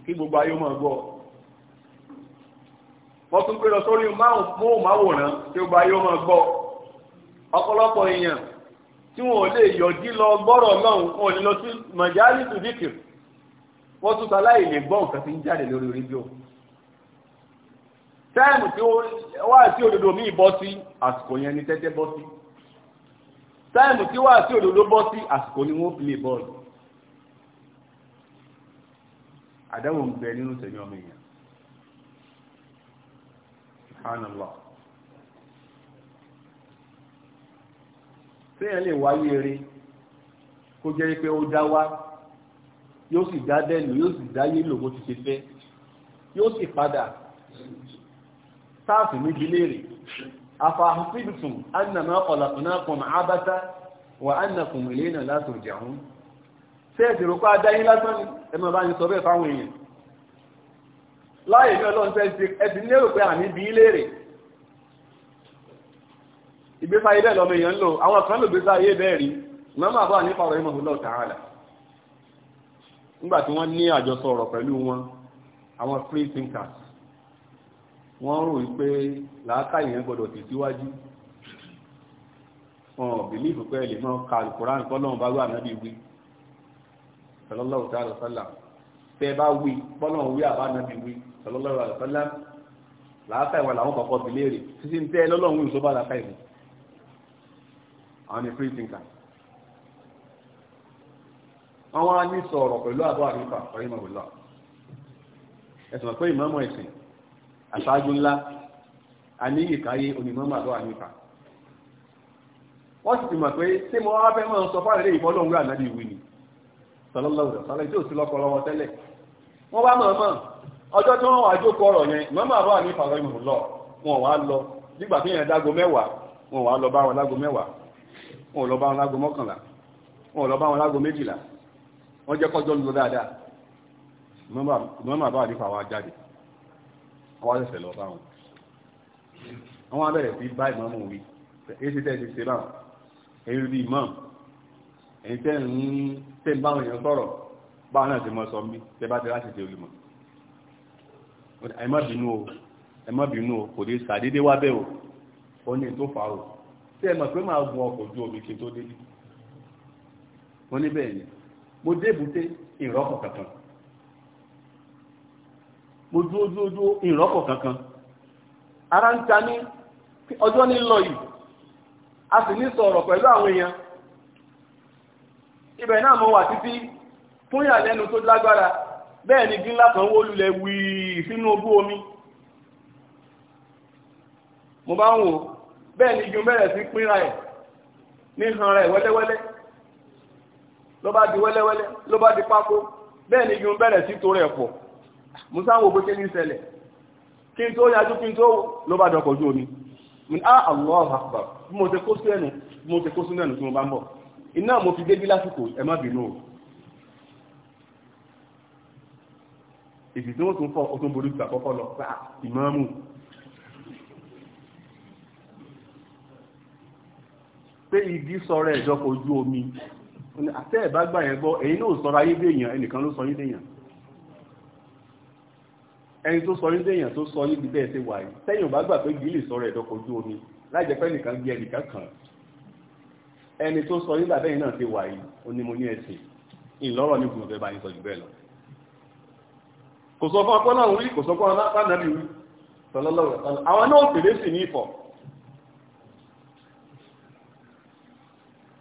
kí gbogbo ayé mọ̀ gbọ́ wọ́n tún pé lọ sórí móhùnmáwòrán tí ó ayé mọ̀ gbọ́ tí wọ́n lè yọjí lọ gbọ́rọ̀ lọ́hùn wọn lọ sí mọ̀jálì táìmù tí wà sí òdodo míì bọ́ sí àsìkò yẹn ni tẹ́tẹ́ bọ́ sí táìmù tí wà sí òdodo bọ́ sí àsìkò ni wọ́n play ball àdáwò ń bẹ nínú sẹ̀yìn ọmọ èèyàn subhanallah sẹ́yìn lè wáyé eré kó jẹ́ pé ó dá wá yóò sì dá bẹ́ẹ̀lù yóò sì dá yélò bó ti ṣe fẹ́ yóò sì padà sáàsì méjì léèrè afahasibtum annama khalaqnakum abata wa annakum ilayna la turja'un sẹ́ẹ̀sì rúkọ́ adáyé lásán ẹmọ bá ń sọ bẹ́ẹ̀ fáwọn èèyàn láyé ìfẹ́ lọ́nà ẹ̀sìn lérò pé àmì bí léèrè ìgbésá ayé bẹ́ẹ̀ lọ́mọ èèyàn ń lò àwọn kan lò gbésá ayé bẹ́ẹ̀ rí mọ́mọ́ àbá ní pàrọ̀ ìmọ̀ lọ́ọ̀ tààlà nígbà tí wọ́n ní àjọsọ ọ̀rọ̀ pẹ̀lú free thinkers wọ́n rò wípé làákàyè yẹn gbọ́dọ̀ ti síwájú wọn ò bìlíìfù pé ẹ lè máa ka alukoran kọ́lọ́run bá wà nábì wí sọlọ́lọ́wọ́ tá a lọ sọ́là tẹ́ bá wí kọ́lọ́run wí àbá nábì wí sọlọ́lọ́wọ́ tá a lọ sọ́là làákàyè wọn làwọn kọ̀ọ̀kan fi léèrè títí ń tẹ́ ẹ lọ́lọ́run wí sọ́bà làákàyè mi àwọn ni free thinker àwọn á ní sọ̀rọ̀ pẹ̀lú àbọ̀ àríkà ọ̀rẹ́mọ̀gbọ̀lá ẹ̀sùn pé ìmọ̀ọ́mọ̀ ẹ̀sìn aṣáájú ńlá a ní ìkáyé onímọ̀mọ̀ àbọ̀ àníkà wọ́n sì ti mọ̀ pé tí mo wá fẹ́ mọ́ sọ fún àrẹ́lẹ́ ìfọ́ lóhùn ànábì ìwé ni sọlọ́lọ́wọ́ sọlọ́ tí ò sí lọ́kọ lọ́wọ́ tẹ́lẹ̀ wọ́n wá mọ̀ mọ̀ ọjọ́ tí wọ́n wá jókòó ọ̀rọ̀ yẹn mọ́mọ́ àbọ̀ àníkà lọ ìmọ̀ lọ wọn wá lọ nígbà tí yẹn dágo mẹ́wàá wọn wá lọ bá wọn lágo mẹ́wàá wọn lọ bá wọ́n wá ṣẹ̀ṣẹ̀ lọ báwọn wọ́n wá bẹ̀rẹ̀ sí bá ìmọ̀mù wí èsì tẹ́ ti ṣe báwọn èyí rí ìmọ̀ èyí tẹ́ ń tẹ́ ń báwọn èèyàn sọ̀rọ̀ báwọn náà ti mọ sọ mí tẹ́ bá ti láti ṣe olùmọ̀ ẹ o ẹ má bínú o kò dé sàdédé wá bẹ́ẹ̀ o ó ní tó fà o tẹ́ ẹ mọ̀ pé máa gun ọkọ̀ ojú omi kí n tó délé mo ní bẹ́ẹ̀ ni mo débùté ìrọ́pọ̀ kankan Ojú ojú ojú kankan ara ń ta ní ọjọ́ ní lọ yìí a sì ní sọ̀rọ̀ pẹ̀lú àwọn èèyàn ibẹ̀ náà wà títí fún lẹ́nu tó lágbára bẹ́ẹ̀ ni gínlá kan wó lulẹ̀ sínú omi mo bá ń ni igun bẹ̀rẹ̀ sí pínra ẹ̀ ní han rẹ̀ wẹ́lẹ́wẹ́lẹ́ ló di wẹ́lẹ́wẹ́lẹ́ ló di pákó bẹ́ẹ̀ ni igun bẹ̀rẹ̀ sí pọ̀ musa wo bó ṣe ní ṣẹlẹ̀ kí n tó yájú kí n tó ló bá dọkọ̀ ojú omi mi á ah, Allahu Akbar bí mo ṣe kó sí ẹnu bí mo ṣe kó sínú ẹnu tí mo bá ń bọ̀ mo fi dé bí lásìkò ẹ má bínú o èsì tí wọ́n tún fọ́ o tún borí ìgbà kọ́kọ́ lọ pa ah, ìmáàmù pé igi sọ̀rọ̀ ẹ̀jọ́ kò omi àtẹ́ ẹ̀ bá gbà yẹn gbọ́ èyí náà sọ̀rọ̀ ayé dèèyàn ẹnìkan ló sọ yín dèèyàn ẹni tó sọ yín déèyàn tó sọ yín bíbẹ́ ṣe wà yìí sẹ́yìn ò bá gbà pé gílì sọ̀rọ̀ ẹ̀dọ́kọ̀ omi láì jẹ́ pé nìkan gbé ẹnìkan kan. ẹni tó sọ yín bàbá yìí náà ṣe wà yìí ó ní mo ní ẹ̀sìn ìlọ́rọ̀ ní gbogbo ẹ̀bá yín sọ jù bẹ́ẹ̀ lọ. kò sọ fún ọpọlọ wí kò sọ fún ọlọ́pàá wí sọlọ́lọ́wọ́ àwọn náà tẹ̀lé sì ní ìfọ̀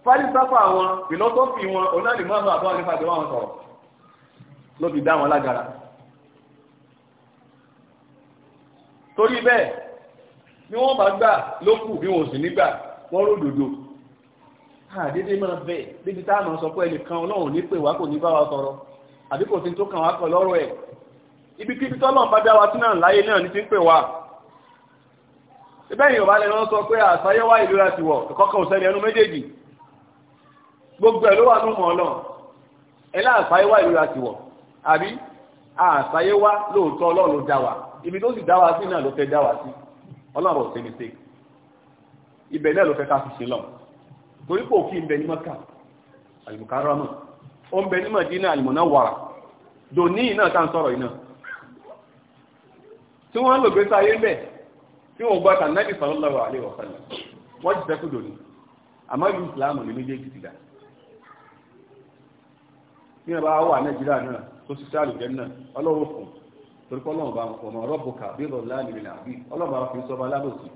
fárísáfà wọn fìlọ́sọ́fì torí bẹ́ẹ̀ bí wọ́n bá gbà lókù bí wọ́n sì nígbà wọ́n ródòdó àdédé máa bẹ̀ débi tá a máa sọ pé ẹnìkan ọlọ́run ní pè wá kò ní bá wa sọ̀rọ̀ àbí kò sí tó kàn wá kọ lọ́rọ̀ ẹ̀ ibi kíbi tọ́lọ́run bá dá wa sí náà láyé náà ní ti ń pè wá ìbẹ́yìn ọ̀bá lẹ́nu sọ pé àsáyẹ́wà ìlú láti wọ̀ ìkọ́kọ̀ òsẹ́ni ẹnu méjèèjì gbogbo ẹ̀ ló wà nù mọ́ ọlọ́run ẹlá àsáyẹ́wà ìlú láti wọ̀ àbí àṣàyé wá lóòótọ́ ọlọ́run ló ibi tó sì dá sí náà ló fẹ́ dá sí ọlọ́run ò ṣe mistake ibẹ̀ náà ló fẹ́ ká fi ṣe lọ torí pò kí n bẹ ní mọ́kà na ó ń bẹ ní mọ̀dínà àlùmọ̀nà wàrà dòní náà tá ń sọ̀rọ̀ iná tí wọ́n lò gbèsè ayé tó ṣiṣẹ́ àlùjẹ́ náà ọlọ́run fún torípọ́ ọlọ́run bá ọmọ rọ́bù kàbílọ̀ láàrin àbí ọlọ́run bá fi sọba lábòsí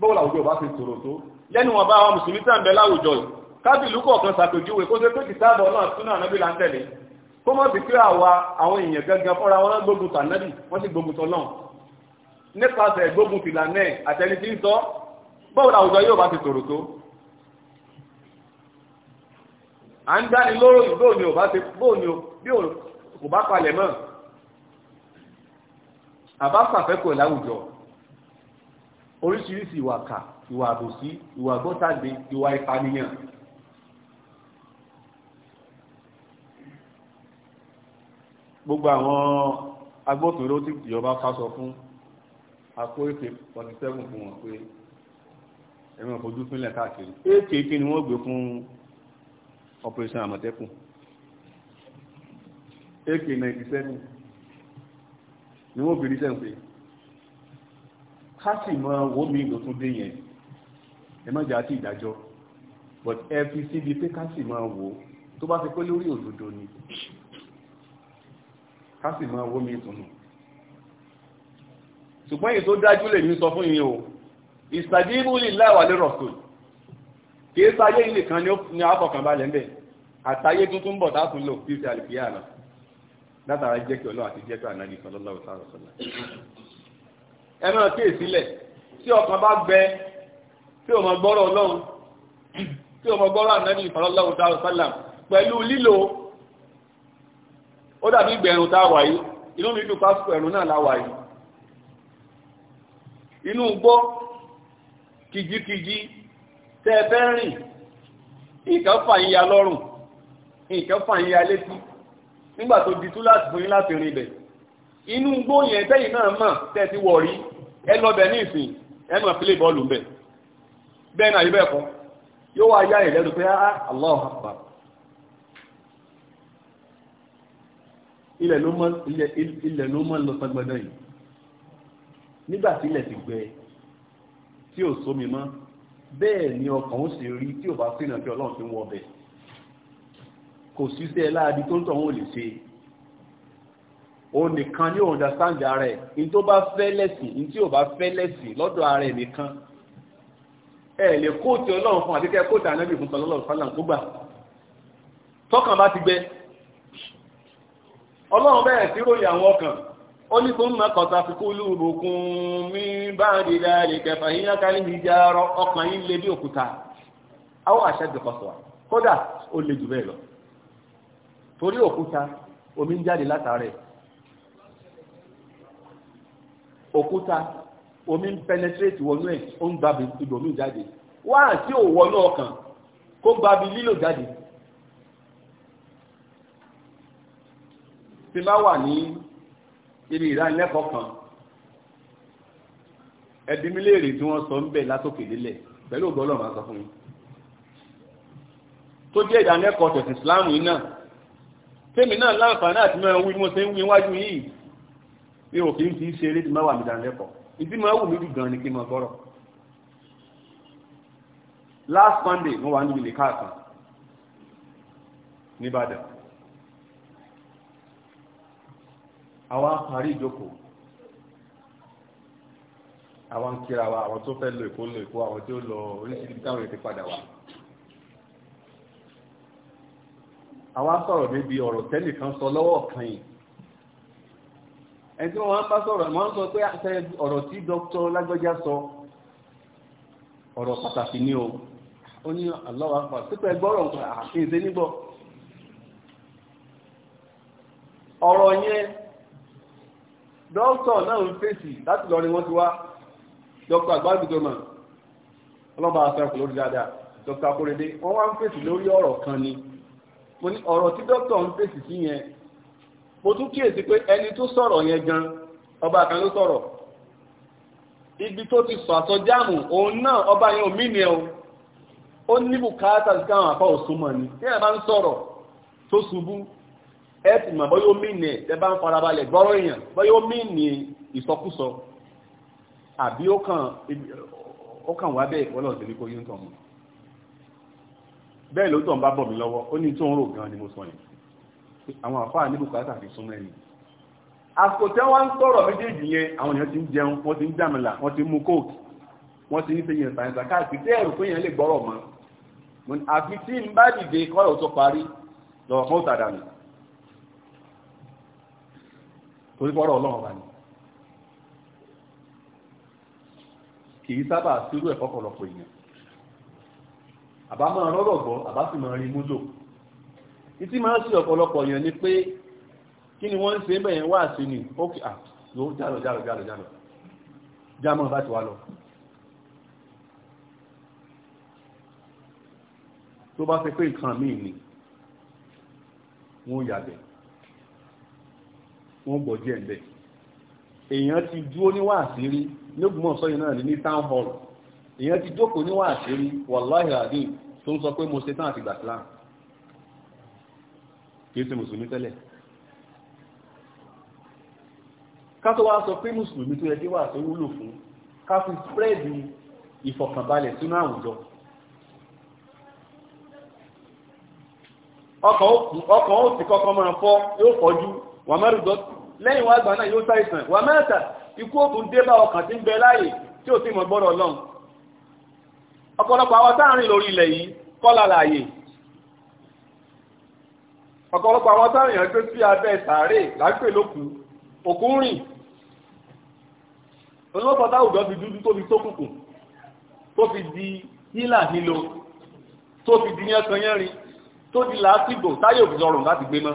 bọ́wọ́ làwùjọ bá fi tòrò tó lẹ́nu wọn bá àwọn mùsùlùmí tàn bẹ láwùjọ yìí kábìlú kọ̀ọ̀kan ṣàpèjúwe kó ṣe pé kìtàbọ̀ náà súnà ànábì là ń tẹ̀lé kó mọ̀ sí pé àwa àwọn èèyàn gangan fọ́ra wọn gbógun tànábì wọ́n sì gbógun tọ́lọ́ nípasẹ̀ gbógun tìlànà àtẹni ń sọ bọ́wọ́ làwùjọ yóò bá fi tòrò tó à ń dáni lóró yìí bóòni ò bá ṣe bóòni bí ò bá palẹ̀ mọ́ àbá fàfẹ́kọ̀ọ́ láwùjọ oríṣiríṣi ìwà kà ìwà àbòsí ìwà gbọ́tàgbé ìwà ìpànìyàn gbogbo àwọn agbófinró tí ìjọba fásọ fún akó èké 47 fún wọn pé ẹ̀wọ̀n fojú káàkiri èké kí ni wọ́n gbé fún operation àmọ̀tẹ́kùn ak-97 ni wọ́n fi rí sẹ́ǹpé ká sì mọ owó mi ló tún dé yẹn ẹ má jà sí ìdájọ́ but ẹ fi síbi pé ká sì mọ owó tó bá fi pé lórí òdodo ni ká sì mọ owó mi tún nù ṣùgbọ́n èyí tó dájú lè ní sọ fún yín o ìsàdínú lè láwà lérò sóòlù kìí sáyé yìí kan ni a fọkàn bá ń àtàyé tuntun bọ̀ tátún lò kí látara jẹ́ kí àti jẹ́ kí ànábì sallallahu alaihi wasallam. ẹ sílẹ̀ tí ọkàn bá gbẹ tí o mọ gbọ́rọ̀ ọlọ́run o mọ gbọ́rọ̀ pẹ̀lú lílo ó dàbí tá a wà yìí inú tẹ́ ẹ fẹ́ rìn nǹkan fà ya lọ́rùn nǹkan ya létí nígbà tó di tú láti fún yín láti rìn ibẹ̀ inú yẹn tẹ́yìn náà mọ̀ ẹ ní ìsìn fílẹ̀ bọ́ọ̀lù ń bẹ̀ yí yóò wá yá pé ilẹ̀ ló mọ́ lọ yìí nígbà tí ilẹ̀ ti gbẹ tí ò sómi bẹ́ẹ̀ ni ọkàn ó sì rí tí ò bá sínà kí ọlọ́run fi ń wọbẹ̀ kò síṣẹ́ láàbí tó ń tọ̀ wọn ò lè ṣe òun nìkan ní òun understand ara ẹ̀ in tó bá fẹ́ lẹ́sìn in tí ò bá fẹ́ lẹ́sìn lọ́dọ̀ ara ẹ̀ nìkan ẹ lè kóòtù ọlọ́run fún àbíkẹ́ kóòtù anábì fún tọ́lọ́lọ́ fàlàn tó gbà Tọ́kàn bá ti gbẹ ọlọ́run bẹ́ẹ̀ sí ròyìn àwọn ọkàn ó ní fún mẹ́kọ̀ọ́ta fi kú lúrùkún mí bá ń dìdá lè kẹfà yíyá kárí ní ìjà ọrọ̀ ọkàn yín lé bí òkúta áwọ̀ àṣẹ́gbẹ̀kọ̀sọ̀ kódà ó le jù bẹ́ẹ̀ lọ torí òkúta omi ń jáde látàrẹ̀ òkúta omi ń penetrate wọnú ẹ̀ ó ń gba ibòmí jáde wá àti òwọnú ọkàn kó gba bí lílò jáde tí bá wà ní ibi ìdánilẹ́kọ̀ọ́ kan ẹbí mi léèrè tí wọ́n sọ ń bẹ̀ látòkè délẹ̀ pẹ̀lú ògbọ́ ọlọ́run sọ fún mi tó jẹ́ ìdánilẹ́kọ̀ọ́ tẹ̀sìn Islam yìí náà tèmi náà láǹfààní àti mẹ́rin wí mo ṣe ń wí wájú yìí mi ò kí n fi ṣe eré tí máa wà mí ìdánilẹ́kọ̀ọ́ ìdí máa wù mí jù gan ni kí n máa gbọ́rọ̀ last Sunday mo wà níbi lè káàkan ní Ìbàdàn àwa ń parí ìjókòó àwa ń kíra wa àwọn tó fẹ́ lọ èkó lọ èkó àwọn tí ó lọ oríṣiríṣi táwọn èdè padà wá àwa sọ̀rọ̀ níbi ọ̀rọ̀ tẹ́nìkan sọ lọ́wọ́ kan yìí ẹni tí wọ́n ń bá sọ̀rọ̀ wọ́n ń sọ pé ọ̀rọ̀ tí dókítà lágbọ́já sọ ọ̀rọ̀ pàtàkì ni o ó ní aláwọ̀ àpá sípẹ́ gbọ́rọ̀ nǹkan àfihàn nígbọ́ ọ̀rọ̀ yẹn dókítà náà ń fèsì láti lọ ni wọ́n ti wá dókítà àgbàdùgbò mọ̀ ọlọ́ba àfẹ́kù lórí dáadáa dókítà kórèdé wọ́n wá ń fèsì lórí ọ̀rọ̀ kan ni mo ní ọ̀rọ̀ tí dókítà ń fèsì sí yẹn mo tún kíyèsí pé ẹni tó sọ̀rọ̀ yẹn gan ọba kan ló sọ̀rọ̀ ibi tó ti sọ àsọjáàmù òun náà ọba yẹn ò mí ni ẹ o ó ní bùkátà sí káwọn àpá òsùnmọ̀ ni tí ẹ ẹ ti mọ̀ bọ́ yóò mìnì ẹ̀ tẹ́ bá ń farabalẹ̀ gbọ́rọ̀ èèyàn bọ́ yóò mìnì ìsọkúsọ àbí ó kàn ó kàn wá bẹ́ẹ̀ ọlọ́run tẹ̀lé kó yín tàn mọ́ bẹ́ẹ̀ ló tàn bá bọ̀ mí lọ́wọ́ ó ní tó ń rò gan ni mo sọ yẹn àwọn àfáà ní bùkátà fi súnmọ́ ẹ̀yìn àsìkò tí wọ́n ń sọ̀rọ̀ méjèèjì yẹn àwọn èèyàn ti ń jẹun wọ́n ti ń jàmìlà wọ́n ti ń mu kóòkì wọ́n ti ń ṣe yẹn sàyẹ̀nsà káàkiri tí ẹ̀rù péyàn lè gbọ́rọ̀ mọ́ àfi tí ń bá dìde kọ́rọ̀ tó parí lọ́wọ́ kan ó tàdà torí pọ́rọ̀ ọlọ́run bá ní kì í sábà sírú ẹ̀kọ́ ọ̀pọ̀lọpọ̀ èèyàn àbá máa rọ́rọ̀ gbọ́ àbá sì máa rí múlò títí máa sí ọ̀pọ̀lọpọ̀ èèyàn ni pé kí ni wọ́n ń ṣe bẹ̀yẹn wá sí ni ó kì àtò jálọ jálọ jálọ jálọ jámọ̀ bá ti wá lọ tó bá fẹ́ pé nǹkan míì ni wọ́n yàgbẹ̀ wọ́n gbọ́ díẹ̀ ńbẹ̀ èèyàn ti dúró ní wáàsí lóògùnmọ̀ sọ́yìn náà ní town hall èèyàn ti jókòó ní wáàsí wàláhì àdé tó ń sọ pé mo ṣetán àti gbàsílám kì í ṣe mùsùlùmí tẹ́lẹ̀ ká tó wá sọ pé mùsùlùmí tó yẹ kí wáàsí wúlò fún ká fi spread ìfọ̀kànbalẹ̀ sínú àwùjọ ó lẹ́yìn wá gbà náà yóò ṣàìsàn wà mẹ́ta ikú òtún dé bá ọkàn tí ń bẹ láàyè tí ò sí mọ̀ gbọ́dọ̀ lọ́n ọ̀pọ̀lọpọ̀ àwọn táàrin lórí ilẹ̀ yìí kọ́lá láàyè ọ̀pọ̀lọpọ̀ àwọn táàrin ẹgbẹ́ sí abẹ́ sàárè lágbè lókù òkú rìn olóòpọ̀ táwùjọ fi dúdú tó fi tókùnkùn tó fi di hílà nílò tó fi di yánkanyánrin tó di làásìgbò táyé òfin lọ́rùn láti gbé mọ́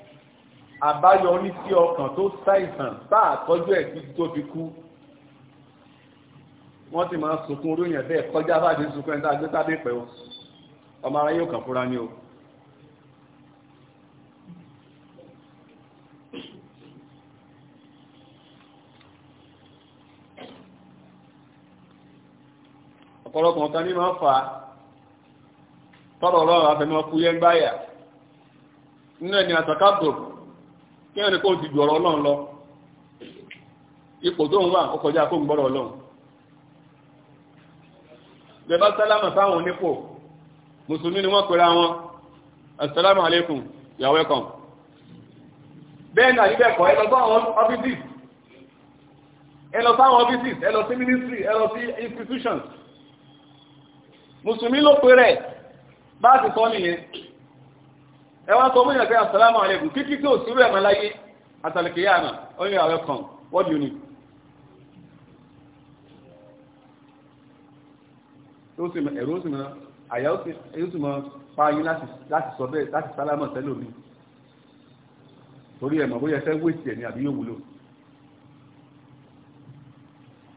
àbáyọ oníṣẹ́ ọkàn tó ṣàìsàn sáà tọ́jú ẹ̀ títí tó fi kú wọ́n ti máa sunkún orí èèyàn bẹ́ẹ̀ kọjá bá ti sunkún ẹni tá pẹ̀ o ọmọ ara yóò kàn fúnra ní o. ọ̀pọ̀lọpọ̀ nǹkan ní máa ń fà á tọ́lọ̀ ọlọ́run àfẹnumọ́ kú yẹn gbáyà nínú ẹni àtàkàbọ̀ kí ẹni kó ti ju ọ̀rọ̀ ọlọ́run lọ ipò tó ń wà ó kọjá kó ń gbọ́rọ̀ ọlọ́run bẹ̀bá sálámà fáwọn onípò mùsùlùmí ni wọ́n pèrà wọn assalamu alaikum you are welcome bẹ́ẹ̀ náà níbẹ̀ kọ́ ẹlọ fáwọn offices ẹlọ fáwọn offices ẹlọ sí ministry ẹlọ sí institutions mùsùlùmí ló pèrè bá ti sọ nìyẹn ẹ wá sọ mọ́yàn pé asàlámù títí tí sírú ẹ̀ láyé àtàlùkìyà àmà only are welcome what do you need. ẹ̀mọ̀ bóyá fẹ́ wéṣì ẹ̀ ní àbí yóò wúlò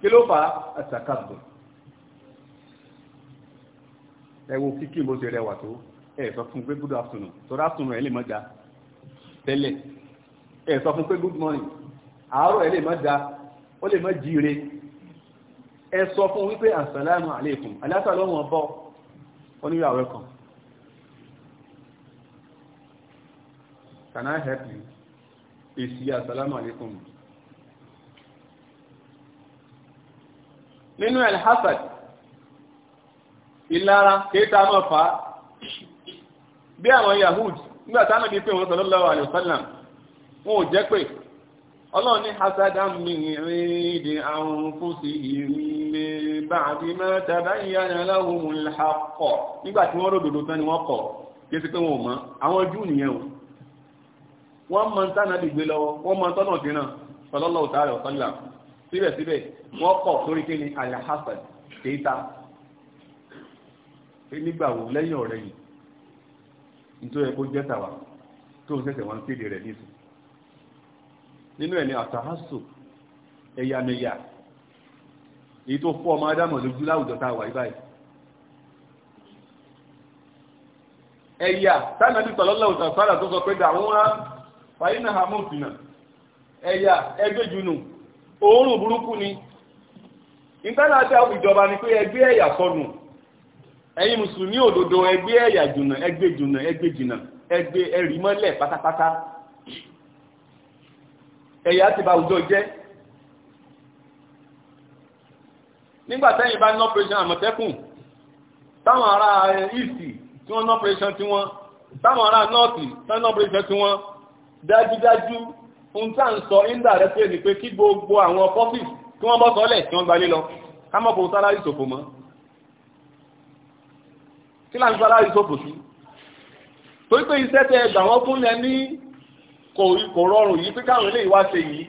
kí ló fa àtàkàbọ̀ ẹ kíkí mo ṣe rẹwà tó ẹ sọ fún pé good afternoon so afternoon ẹ lè mọ́ da tẹ́lẹ̀ ẹ fún pé good morning àárọ̀ ẹ lè mọ́ da ó lè mọ́ jíire ẹ sọ fún wípé assalamu alaikum alásàlọ́wọ̀n bọ́ oníyà welcome can I help you èsì assalamu alaikum nínú alhassad ìlara kéta mọ́fà bí àwọn yahud nígbà táwọn ibi pé wọn sallallahu alaihi wasallam wọn ò jẹ́ pé ọlọ́run ní hasadan min ridi anfusihim min ba'di ma tabayyana lahumul haqq nígbà tí wọ́n ròdòdó tán ni wọ́n kọ̀ kí sí pé wọn ò mọ̀ àwọn júù nìyẹn o wọ́n síbẹ̀síbẹ̀ wọ́n kọ̀ sórí kí ni alhassan kéta nígbàwó lẹ́yìn ọ̀rẹ́yìn nítorí ẹ̀kọ́ jẹ́ tàwa tó ń sẹ̀sẹ̀ wọn kéde rẹ̀ nísìn nínú ẹ̀ ni àtàhásù ẹ̀yàmẹ̀yà èyí tó fọ́ ọmọ adámọ̀ lójú láwùjọ tá a wà báyìí ẹ̀yà tánàbí tọ̀lọ́lọ́ òtàfàdà tó sọ pé dà wọ́n á fàyínà hamilton ẹ̀yà ẹgbẹ́jùnù òórùn burúkú ni ìtànà àti àwọn ìjọba ni pé ẹgbẹ́ ẹ̀yà sọnù ẹ̀yin mùsùlùmí òdodo ẹgbẹ́ ẹ̀yà jùnà ẹgbẹ́ jùnà ẹgbẹ́ jìnà ẹgbẹ́ ẹ̀rí mọ́lẹ̀ pátápátá ẹ̀yà ti bà àwùjọ jẹ́ nígbà tẹ́yìn bá ní operation àmọ̀tẹ́kùn táwọn ará east tí wọ́n ní operation tí wọ́n táwọn ará north tán ní operation tí wọ́n dájúdájú ohun tá ń sọ indirect ni pé kí gbogbo àwọn office kí wọ́n bọ́ sọ́lẹ̀ tí wọ́n gbalé lọ ká mọ̀ kó sálárì ṣòfò mọ́ kí láti fara ìsòfò sí torí pé iṣẹ́ tẹ ẹgbà wọn fún yẹn ní kò rọrùn yìí pé káwọn eléyìí wá ṣe yìí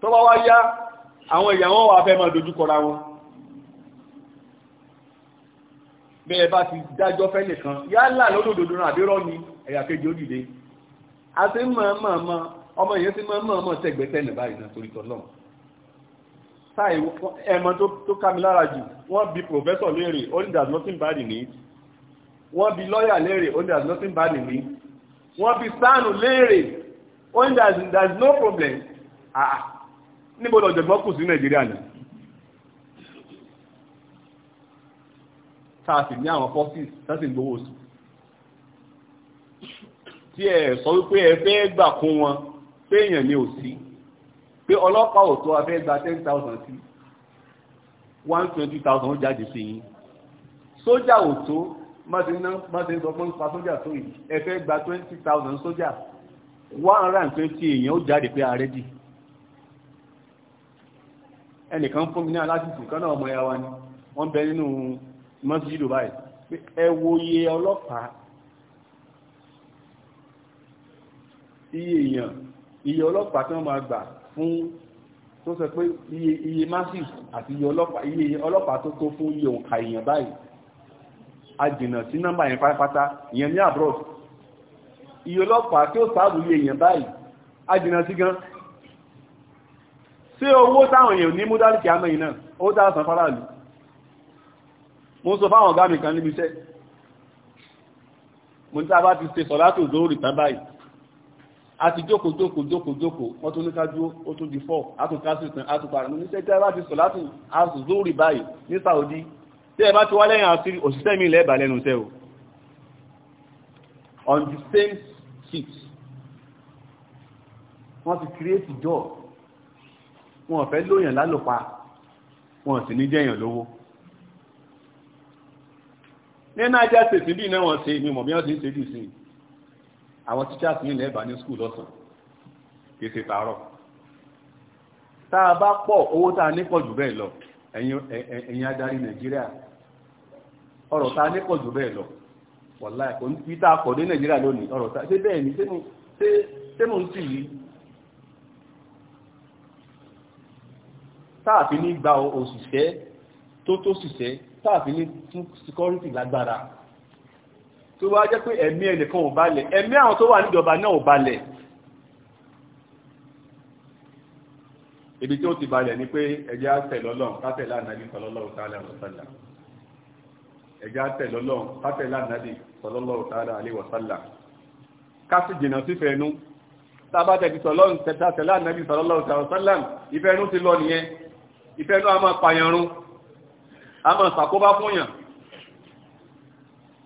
tó bá wá yá àwọn èèyàn wọn wà fẹ́ máa dojúkọra wọn bí ẹ bá ti dájọ́ fẹ́ nìkan yálà lódòdó náà àbírọ́ ni ẹ̀yà kejì ó dìde a ti mọ̀ mọ̀ ọmọ ìyẹn ti mọ̀ mọ̀ tẹ̀gbẹ́tẹ̀ nì náà torí tọ́lọ́mù sáì ẹmọ tó ká mi lára jù wọ́n bi professor léèrè only there's nothing bad in it wọ́n bi lawyer léèrè only there's nothing bad in it wọ́n bi sanu léèrè only there's, there's no problem ah níbo lọ́jọ̀gbọ́n kù sí nàìjíríà ni táàsì ní àwọn forces tẹ́sì gbówó sí tí ẹ sọ wípé ẹ fẹ́ gbà kún wọn pé èèyàn ni ò sí pé ọlọ́pàá ò tó abẹ́ gba ten thousand sí one twenty thousand ó jáde sí yín sójà ò tó máṣe sọ fún pa sójà tó yìí ẹ fẹ́ gba twenty thousand sójà one hundred and twenty èèyàn ó jáde pé ààrẹ dì ẹnìkan fún mi ní alásìkò kan náà ọmọ ẹyà wa ni wọ́n bẹ nínú mọ́síjì Dubai pé ẹ wo iye ọlọ́pàá iye èèyàn iye ọlọ́pàá tí wọ́n máa gbà fún tó sọ pé iye masif àti iye ọlọ́pàá tó tó fún iye òǹkà èèyàn báyìí a jìnà sí nọ́mbà yẹn pátápátá ìyẹn ní abroad iye ọlọ́pàá tí ó sáàbù iye èèyàn báyìí a jìnà sí gan ṣé owó táwọn èèyàn ní múdálìkì amẹ́yìn náà ó dá san fáráàlú mo sọ fáwọn ọ̀gá mi kan níbi iṣẹ́ mo ní tá a bá ti ṣe sọ̀látò zóòrì tán báyìí a ti jókòó jókòó jókòó jókòó wọ́n tún ní kájú ó tún di fọ́ àtúnkásí ìpín àtúnparà ní ṣe tẹ́ bá ti sọ láti azúrì báyìí ní Saudi tẹ́ bá ti wá lẹ́yìn àṣírí òṣìṣẹ́ mi lẹ́bàá lẹ́nu tẹ́ o on the same seat wọ́n ti create job wọn fẹ́ lóyàn lálòpá wọn sì ní jẹ́yàn lówó ní Niger State bí náà wọ́n ṣe ni mọ̀ bí wọ́n ti ń ṣe jù sí i àwọn teachers ní ilẹ̀ ẹ̀bà ní school lọ́sàn kéèsè tààrọ̀ tá a bá pọ̀ owó tá a nípọ̀ jù bẹ́ẹ̀ lọ ẹ̀yin adarí nàìjíríà ọ̀rọ̀ tá a nípọ̀ jù bẹ́ẹ̀ lọ wọ̀lá ẹ̀kọ́ ní títà akọ̀ dé nàìjíríà lónìí ọ̀rọ̀ tá a ṣe bẹ́ẹ̀ ni tẹ́nu ń sì yí táàfin ní gba òṣìṣẹ́ tó tó ṣìṣẹ́ táàfin ní fún security lágbára tó wá jẹ́ pé ẹ̀mí ẹnìkan ò balẹ̀ ẹ̀mí àwọn tó wà níjọba náà ò balẹ̀ ibi tí ó ti balẹ̀ ni pé ẹjẹ́ àtẹ̀lọ́lọ́n kátẹ̀lá nàbí sọlọ́lọ́wọ́ tààlà wọ̀sálà ẹjẹ́ àtẹ̀lọ́lọ́n kátẹ̀lá nàbí sọlọ́lọ́wọ́ tààlà àléwọ̀sálà kásì jìnà sífẹ́ ẹnu tábàtẹ̀ ti sọlọ́run tẹ̀tàtẹ̀lá nàbí sọlọ́lọ́wọ́ tààlà wọ̀sálà ìfẹ́ ẹnu ti lọ nìyẹn ìfẹ́ ẹnu a máa pàyànrún a máa ṣàkóbá fún yàn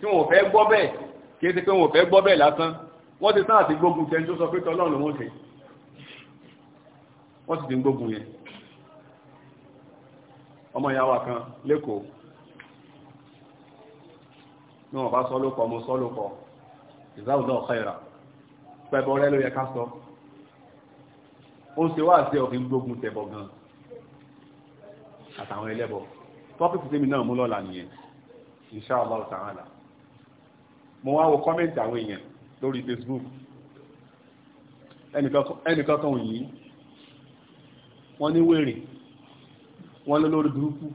tí wọ́n fẹ́ gbọ́ bẹ́ẹ̀ kí é ti pé wọ́n fẹ́ gbọ́ bẹ́ẹ̀ lásán wọ́n ti sáà ti gbógun tẹ́ tó sọ pé tọ́lọ́run wọ́n ṣe wọ́n ti ti gbógun yẹn ọmọ ìyá wa kan lẹ́kọ̀ọ́ ní wọ́n bá sọ lókọ mo sọ lókọ ìzáwùdá ọ̀kọ́ ìrà pẹ̀bọ̀ rẹ ló yẹ ká sọ ó ṣe wá sí ọ̀fin gbógun tẹ̀bọ̀ gan àtàwọn ẹlẹ́bọ̀ tọ́pìtì tèmi náà mú lọ́la nìyẹn insha Allah ta'ala mo wá wo kọ́mẹ̀ntì àwọn èèyàn lórí Facebook ẹnìkan kan yìí wọ́n ní wèrè wọ́n ló lórí burúkú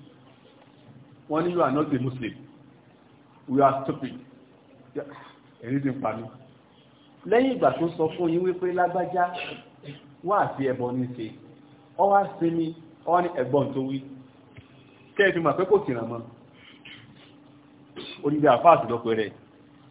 wọ́n ní you are not a Muslim we are stupid èyí ti ń pa mí lẹ́yìn ìgbà tó sọ fún yín wípé lágbájá wá àti ẹbọ ní ṣe ọ wá sinmi ọ ní ẹ̀gbọ́n tó wí kẹ́ẹ̀fì mà pé kò tìrànmọ́ onídàáfáà àtìlọ́pẹ̀ rẹ̀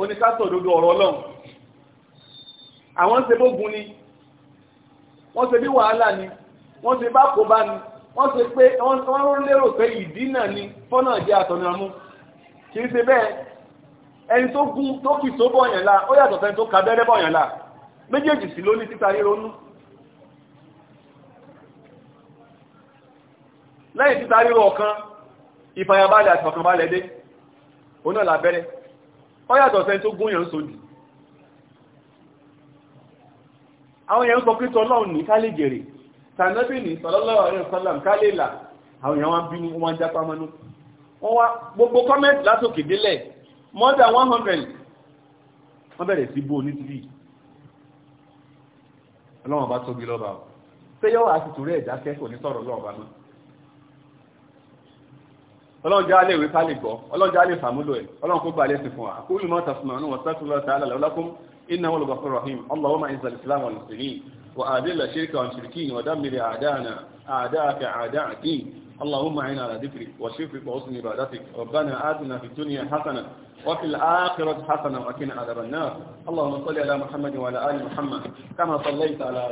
oníkátọ̀ òdodo ọ̀rọ̀ ọlọ́run àwọn ṣe bógun ni wọ́n ṣe bí wàhálà ni wọ́n ṣe bá kó bá ni wọ́n ṣe pé wọ́n lérò pé ìdínà ni fọ́nà jẹ́ àtọ̀nàmú kì í ṣe bẹ́ẹ̀ ẹni tó gún tó kì tó bọ̀yàn la ó yàtọ̀ fẹ́ tó ka bẹ́rẹ́ bọ̀yàn la méjèèjì sí ló títa ríronú lẹ́yìn títa ríro ọ̀kan ìfàyàbalẹ̀ àti ọ̀kanbalẹ̀ dé oná làbẹ́rẹ́ ó yàtọ̀ sẹ́ni tó gún yàn sódì àwọn yẹn ń sọ pé tọ́lọ́run ní ká lè jèrè tànàbí ní sallallahu alaihi wasallam ká lè là àwọn yẹn wọ́n bínú wọ́n jápá mọ́nú wọ́n wá gbogbo kọ́mẹ́ntì látòkè délẹ̀ more than one hundred wọ́n bẹ̀rẹ̀ sí bú onítìrí ọlọ́wọ́n bá tóbi lọ́ba ṣé yọ́wọ́ àti tòrí ẹ̀dá kẹ́kọ̀ọ́ ní sọ̀rọ̀ lọ́ọ̀bá náà ọlọ́run já lè wí ká lè gbọ́ ọlọ́run já lè sàmúlò ẹ̀ ọlọ́run kó gbà lẹ́sìn fún wa àkúrú mọ́ tàṣùmọ̀ ọ̀nà wọ́n sẹ́kùnlọ́ tààlà lọ́lákún iná wọn lọ́gbàfẹ́ rahim allahumma inzal islam wal muslimin wa adilla shirka wal shirkin wa dammiri a'dana a'daka a'da'a din اللهم عنا على ذكرك وشفك وحسن عبادتك ربنا آتنا في الدنيا حسنة وفي الآخرة حسنة وأكن على النار اللهم صل على محمد وعلى محمد كما صليت على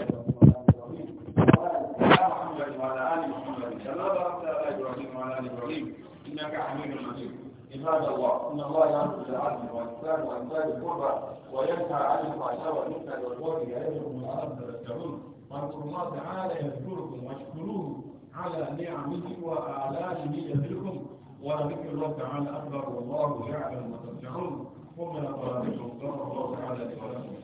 إنك حميد مجيد عباد الله إن الله يأمر بالعدل والإحسان وإيتاء القربى وينهى عن الفحشاء والمنكر والبغي يعظكم لعلكم تذكرون فاذكروا الله تعالى يذكركم واشكروه على نعمه وآلائه يذكركم ولذكر الله تعالى أكبر والله يعلم ما ترجعون نقرأ لقرابكم صلى الله تعالى عليه وسلم